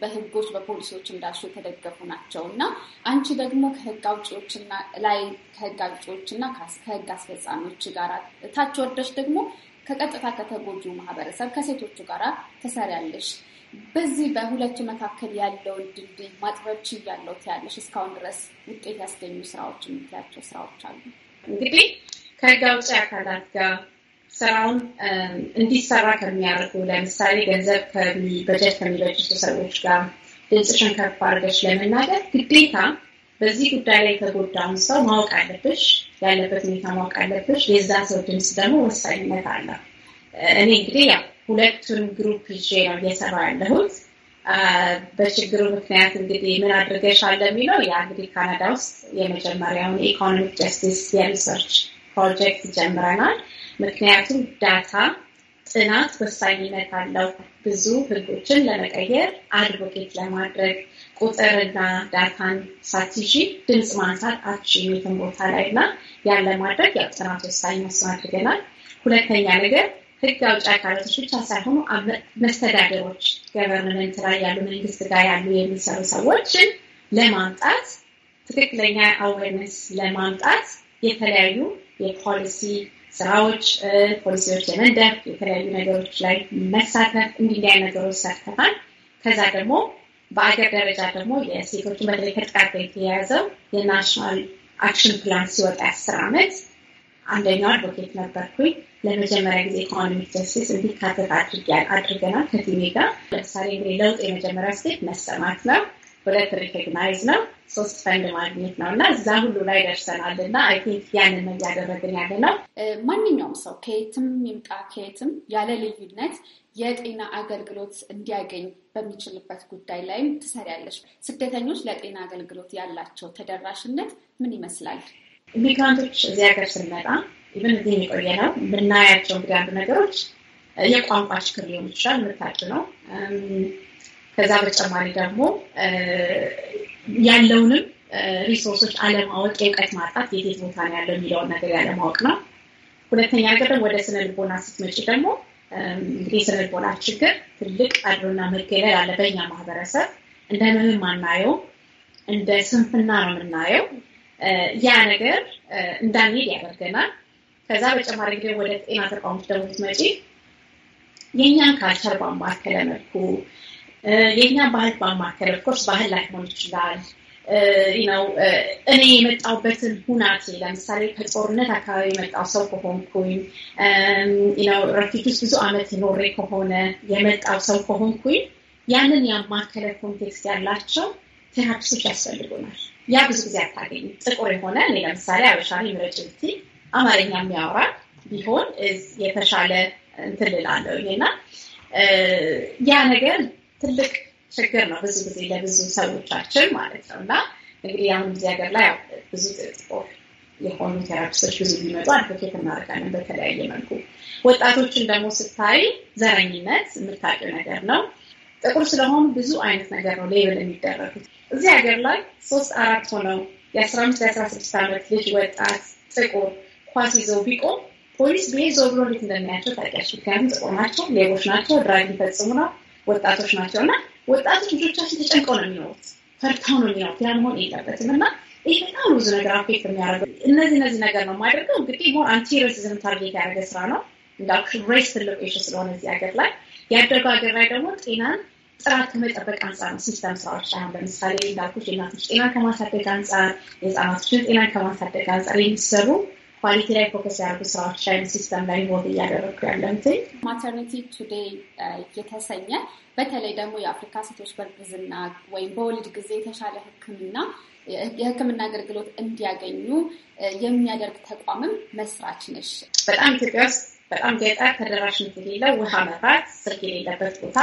[SPEAKER 1] በህጎች በፖሊሲዎች እንዳሹ የተደገፉ ናቸው እና አንቺ ደግሞ ከህግ አውጪዎችና ላይ ከህግ አውጪዎችና ከህግ አስፈጻሚዎች ጋር ታች ወርደሽ ደግሞ ከቀጥታ ከተጎጁ ማህበረሰብ ከሴቶቹ ጋር ትሰሪያለሽ። በዚህ በሁለቱ መካከል ያለውን ድልድይ ማጥበብ ችያለሁ ትያለሽ። እስካሁን ድረስ ውጤት ያስገኙ ስራዎች የምትያቸው ስራዎች አሉ? እንግዲህ ከጋብቻ አካላት ጋር
[SPEAKER 3] ስራውን እንዲሰራ ከሚያደርጉ ለምሳሌ ገንዘብ በጀት ከሚበጅቱ ሰዎች ጋር ድምፅሽን ከፍ አድርገሽ ለመናገር ግዴታ በዚህ ጉዳይ ላይ የተጎዳውን ሰው ማወቅ አለብሽ። ያለበት ሁኔታ ማወቅ አለብሽ። የዛ ሰው ድምፅ ደግሞ ወሳኝነት አለው። እኔ እንግዲህ ያው ሁለቱን ግሩፕ ይዤ ነው እየሰራ ያለሁት። በችግሩ ምክንያት እንግዲህ ምን አድርገሻል የሚለው ያ እንግዲህ ካናዳ ውስጥ የመጀመሪያውን የኢኮኖሚክ ጀስቲስ የሪሰርች ፕሮጀክት ጀምረናል። ምክንያቱም ዳታ ጥናት ወሳኝነት አለው ብዙ ህጎችን ለመቀየር አድቮኬት ለማድረግ ቁጥርና ዳታን ሳትይዢ ድምፅ ማንሳት አትችይም የትም ቦታ ላይ እና ያለ ማድረግ ያው ጥናት ወሳኝ መስሎ አድርገናል። ሁለተኛ ነገር ህግ አውጭ አካላቶች ብቻ ሳይሆኑ መስተዳደሮች፣ ገቨርንመንት ላይ ያሉ፣ መንግስት ጋር ያሉ የሚሰሩ ሰዎችን ለማምጣት ትክክለኛ አዌርነስ ለማምጣት የተለያዩ የፖሊሲ ስራዎች፣ ፖሊሲዎች የመንደር የተለያዩ ነገሮች ላይ መሳተፍ እንዲህ ነገሮች ሰርተናል። ከዛ ደግሞ በአገር ደረጃ ደግሞ የሴቶች በተለይ ከጥቃት ጋር የተያያዘው የናሽናል አክሽን ፕላን ሲወጣ አስር ዓመት አንደኛው አድቮኬት ነበርኩኝ። ለመጀመሪያ ጊዜ ኢኮኖሚክ ጀስቲስ እንዲካተት አድርገናል ከቲሜ ጋር። ለምሳሌ እንግዲህ ለውጥ የመጀመሪያ ስቴት መሰማት ነው። ሁለት ሪኮግናይዝ ነው፣ ሶስት ፈንድ ማግኘት ነው እና እዛ ሁሉ ላይ ደርሰናል እና አይ ቲንክ ያንን እያደረግን ያለ ነው።
[SPEAKER 1] ማንኛውም ሰው ከየትም ይምጣ ከየትም ያለ ልዩነት የጤና አገልግሎት እንዲያገኝ በሚችልበት ጉዳይ ላይም ትሰሪያለች። ስደተኞች ለጤና አገልግሎት ያላቸው ተደራሽነት ምን ይመስላል?
[SPEAKER 3] ሚግራንቶች እዚህ ሀገር ስንመጣ ኢቨን እዚህ የሚቆየ ነው የምናያቸው እንግዲህ አንዱ ነገሮች የቋንቋ ችግር ሊሆን ይችላል። ምርታች ነው ከዛ በተጨማሪ ደግሞ ያለውንም ሪሶርሶች አለማወቅ የእውቀት ማጣት የት ቦታ ነው ያለው የሚለውን ነገር ያለማወቅ ነው። ሁለተኛ ነገር ደግሞ ወደ ስነ ልቦና ስትመጪ ደግሞ እንግዲህ የስነ ልቦና ችግር ትልቅ አድሮና መገለል አለ። በኛ ማህበረሰብ እንደ ምንም ማናየው እንደ ስንፍና ነው የምናየው። ያ ነገር እንዳንሄድ ያደርገናል። ከዛ በተጨማሪ ጊዜ ወደ ጤና ተቋሞች ደግሞ ስትመጪ የእኛን ካልቸር ባማከለ መልኩ Eh, የኛ ባህል ባማከል ኦፍኮርስ ባህል ላይሆን ይችላል ነው። eh, eh, እኔ የመጣውበትን ሁናቴ ለምሳሌ ከጦርነት አካባቢ የመጣው ሰው ከሆንኩኝ ነው um, ረፊት ብዙ አመት የኖሬ ከሆነ የመጣው ሰው ከሆንኩኝ ያንን ያማከለ ኮንቴክስት ያላቸው ቴራፒስቶች ያስፈልጉናል። ያ ብዙ ጊዜ አታገኝ። ጥቁር የሆነ እኔ ለምሳሌ አበሻ ምረጭ አማርኛ የሚያወራ ቢሆን የተሻለ እንትልላለው ና ያ ነገር ትልቅ ችግር ነው ብዙ ጊዜ ለብዙ ሰዎቻችን ማለት ነው። እና እንግዲህ አሁን ጊዜ ሀገር ላይ ብዙ ጥቁር የሆኑ ቴራፒስቶች ብዙ ቢመጡ አድቮኬት እናደርጋለን በተለያየ መልኩ። ወጣቶችን ደግሞ ስታይ ዘረኝነት የምታውቂው ነገር ነው። ጥቁር ስለሆኑ ብዙ አይነት ነገር ነው ሌብል የሚደረጉት። እዚህ ሀገር ላይ ሶስት አራት ሆነው የአስራ አምስት የአስራ ስድስት ዓመት ልጅ ወጣት ጥቁር ኳስ ይዘው ቢቆም ፖሊስ ብሄ ዞብሎ ብሎ እንዴት እንደሚያቸው ታውቂያለሽ። ምክንያቱም ጥቁር ናቸው፣ ሌቦች ናቸው፣ ድራግ ሊፈጽሙ ነው ወጣቶች ናቸው እና ወጣቶች ልጆቻችን ተጨንቀው ነው የሚኖሩት፣ ፈርተው ነው የሚኖሩት። ያ መሆን የለበትም እና ይህ በጣም ብዙ ነገር አፌክት የሚያደርገው እነዚህ እነዚህ ነገር ነው የማደርገው። እንግዲህ ሞር አንቲሬሲዝም ታርጌት ያደረገ ስራ ነው እንዳልኩሽ። ሬስ ትልቅ ኢሹ ስለሆነ እዚህ ሀገር ላይ ያደረገ ሀገር ላይ ደግሞ ጤናን ጥራት ከመጠበቅ አንጻር ነው ሲስተም ስራዎች አሁን ለምሳሌ እንዳልኩሽ የእናቶች ጤናን ከማሳደግ አንጻር፣ የህፃናቶችን ጤናን ከማሳደግ አንጻር የሚሰሩ ኳሊቲ ላይ ፎከስ ያደርጉ ሰዎች ላይ ሲስተም ላይ ሞድ እያደረጉ ያለንትኝ
[SPEAKER 1] ማተርኒቲ ቱዴይ የተሰኘ በተለይ ደግሞ የአፍሪካ ሴቶች በእርግዝና ወይም በወልድ ጊዜ የተሻለ ሕክምና የሕክምና አገልግሎት እንዲያገኙ የሚያደርግ ተቋምም መስራች ነሽ።
[SPEAKER 3] በጣም ኢትዮጵያ ውስጥ በጣም ገጠር ተደራሽነት የሌለው ውሃ፣ መብራት፣ ስልክ የሌለበት ቦታ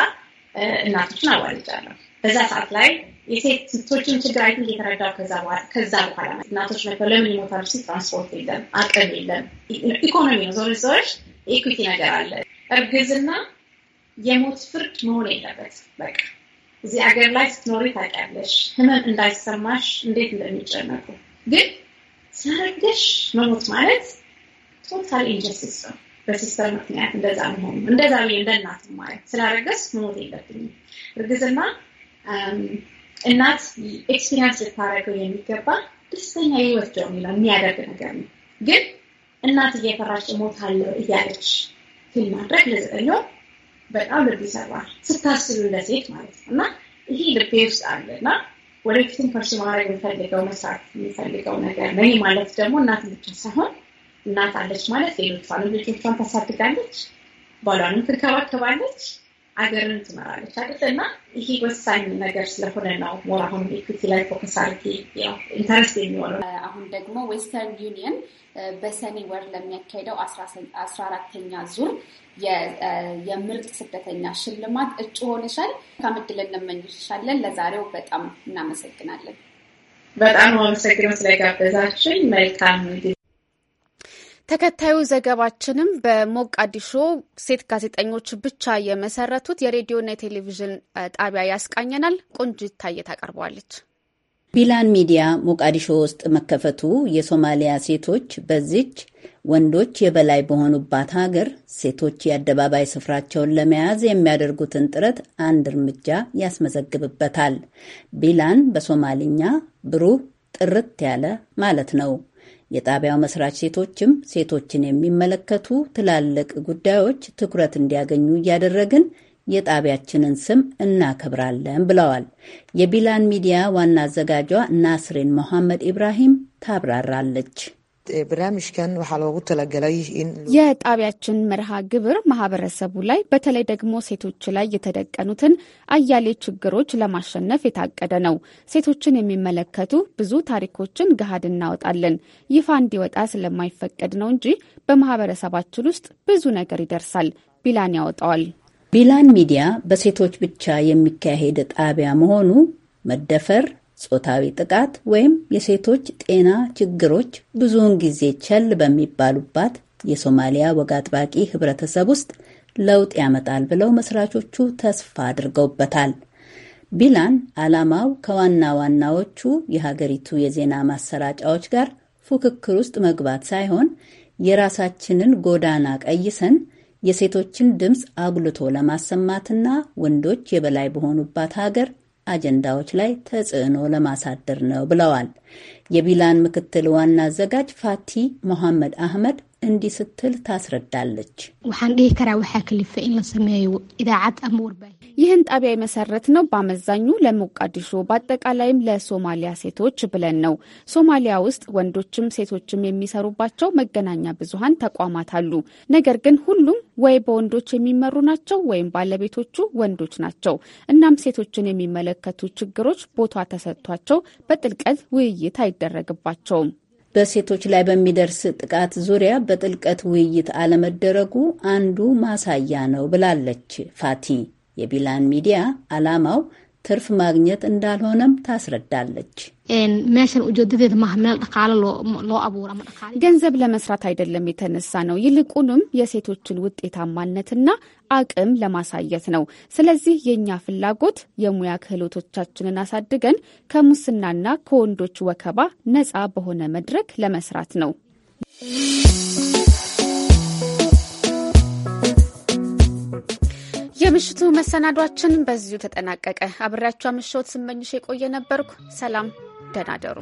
[SPEAKER 3] እናቶችን አዋልጃለሁ በዛ ሰዓት ላይ የሴት ስቶችን ችግራችን እየተረዳው ከዛ በኋላ እናቶች ነበር ለምን ይሞታሉ? ትራንስፖርት የለም፣ አቅም የለም፣ ኢኮኖሚ ነው። ዞር ዞሮች ኢኩቲ ነገር አለ። እርግዝና የሞት ፍርድ መሆን የለበት። በቃ እዚህ ሀገር ላይ ስትኖሪ ታውቂያለሽ፣ ህመም እንዳይሰማሽ እንዴት እንደሚጨነቁ። ግን ስላረገሽ መሞት ማለት ቶታል ኢንጀስቲስ ነው። በሲስተም ምክንያት እንደዛ መሆኑ እንደዛ እንደናት ማለት ስላረገስ መሞት የለብኝም እርግዝና እናት ኤክስፒሪንስ ልታደርገው የሚገባ ደስተኛ ይወስደው የሚለው የሚያደርግ ነገር ነው። ግን እናት እየፈራች እሞታለሁ እያለች ፊልም ማድረግ ለዘጠኝ በጣም ልብ ይሰራል ስታስሉ ለሴት ማለት ነው። እና ይሄ ልቤ ውስጥ አለ እና ወደፊትም ከርሱ ማድረግ የሚፈልገው መስራት የሚፈልገው ነገር ነው። ማለት ደግሞ እናት ብቻ ሳይሆን እናት አለች ማለት ሌሎቿንም ልጆቿን ታሳድጋለች፣ ባሏንም ትንከባከባለች አገርን ትመራለች አይደል? እና ይሄ ወሳኝ ነገር ስለሆነ ነው ሞር አሁን ኢኩቲ ላይ ፎከስ አድርጌ ኢንተረስት የሚሆነው።
[SPEAKER 1] አሁን ደግሞ ዌስተርን ዩኒየን በሰኔ ወር ለሚያካሄደው አስራ አራተኛ ዙር የምርጥ ስደተኛ ሽልማት እጩ ሆነሻል። ከምድል እንመኝሻለን። ለዛሬው በጣም እናመሰግናለን። በጣም አመሰግነው ስለጋበዛችን። መልካም ተከታዩ ዘገባችንም በሞቃዲሾ ሴት ጋዜጠኞች ብቻ የመሰረቱት የሬዲዮና የቴሌቪዥን ጣቢያ ያስቃኘናል። ቆንጂት ታየ ታቀርበዋለች።
[SPEAKER 2] ቢላን ሚዲያ ሞቃዲሾ ውስጥ መከፈቱ የሶማሊያ ሴቶች በዚች ወንዶች የበላይ በሆኑባት ሀገር ሴቶች የአደባባይ ስፍራቸውን ለመያዝ የሚያደርጉትን ጥረት አንድ እርምጃ ያስመዘግብበታል። ቢላን በሶማሊኛ ብሩህ ጥርት ያለ ማለት ነው። የጣቢያው መስራች ሴቶችም ሴቶችን የሚመለከቱ ትላልቅ ጉዳዮች ትኩረት እንዲያገኙ እያደረግን የጣቢያችንን ስም እናከብራለን ብለዋል። የቢላን ሚዲያ ዋና አዘጋጇ ናስሪን መሐመድ ኢብራሂም ታብራራለች።
[SPEAKER 1] የጣቢያችን መርሃ ግብር ማህበረሰቡ ላይ በተለይ ደግሞ ሴቶች ላይ የተደቀኑትን አያሌ ችግሮች ለማሸነፍ የታቀደ ነው። ሴቶችን የሚመለከቱ ብዙ ታሪኮችን ገሃድ እናወጣለን። ይፋ እንዲወጣ ስለማይፈቀድ ነው እንጂ በማህበረሰባችን ውስጥ ብዙ
[SPEAKER 2] ነገር ይደርሳል። ቢላን ያወጣዋል። ቢላን ሚዲያ በሴቶች ብቻ የሚካሄድ ጣቢያ መሆኑ መደፈር ጾታዊ ጥቃት ወይም የሴቶች ጤና ችግሮች ብዙውን ጊዜ ቸል በሚባሉባት የሶማሊያ ወግ አጥባቂ ህብረተሰብ ውስጥ ለውጥ ያመጣል ብለው መስራቾቹ ተስፋ አድርገውበታል። ቢላን ዓላማው ከዋና ዋናዎቹ የሀገሪቱ የዜና ማሰራጫዎች ጋር ፉክክር ውስጥ መግባት ሳይሆን የራሳችንን ጎዳና ቀይሰን የሴቶችን ድምፅ አጉልቶ ለማሰማትና ወንዶች የበላይ በሆኑባት ሀገር አጀንዳዎች ላይ ተጽዕኖ ለማሳደር ነው ብለዋል። የቢላን ምክትል ዋና አዘጋጅ ፋቲ ሞሐመድ አህመድ እንዲህ ስትል ታስረዳለች።
[SPEAKER 1] ይህን ጣቢያ የመሰረት ነው በአመዛኙ ለሞቃዲሾ በአጠቃላይም ለሶማሊያ ሴቶች ብለን ነው። ሶማሊያ ውስጥ ወንዶችም ሴቶችም የሚሰሩባቸው መገናኛ ብዙሃን ተቋማት አሉ። ነገር ግን ሁሉም ወይ በወንዶች የሚመሩ ናቸው ወይም ባለቤቶቹ ወንዶች ናቸው። እናም ሴቶችን
[SPEAKER 2] የሚመለከቱ ችግሮች ቦታ ተሰጥቷቸው በጥልቀት ውይይት አይደረግባቸውም። በሴቶች ላይ በሚደርስ ጥቃት ዙሪያ በጥልቀት ውይይት አለመደረጉ አንዱ ማሳያ ነው ብላለች ፋቲ። የቢላን ሚዲያ ዓላማው ትርፍ ማግኘት እንዳልሆነም ታስረዳለች።
[SPEAKER 1] ገንዘብ ለመስራት አይደለም የተነሳ ነው። ይልቁንም የሴቶችን ውጤታማነትና አቅም ለማሳየት ነው። ስለዚህ የእኛ ፍላጎት የሙያ ክህሎቶቻችንን አሳድገን ከሙስናና ከወንዶች ወከባ ነፃ በሆነ መድረክ ለመስራት ነው። የምሽቱ መሰናዷችን በዚሁ ተጠናቀቀ። አብሬያቸው ምሽት ስመኝሽ የቆየ ነበርኩ። ሰላም፣ ደህና ደሩ።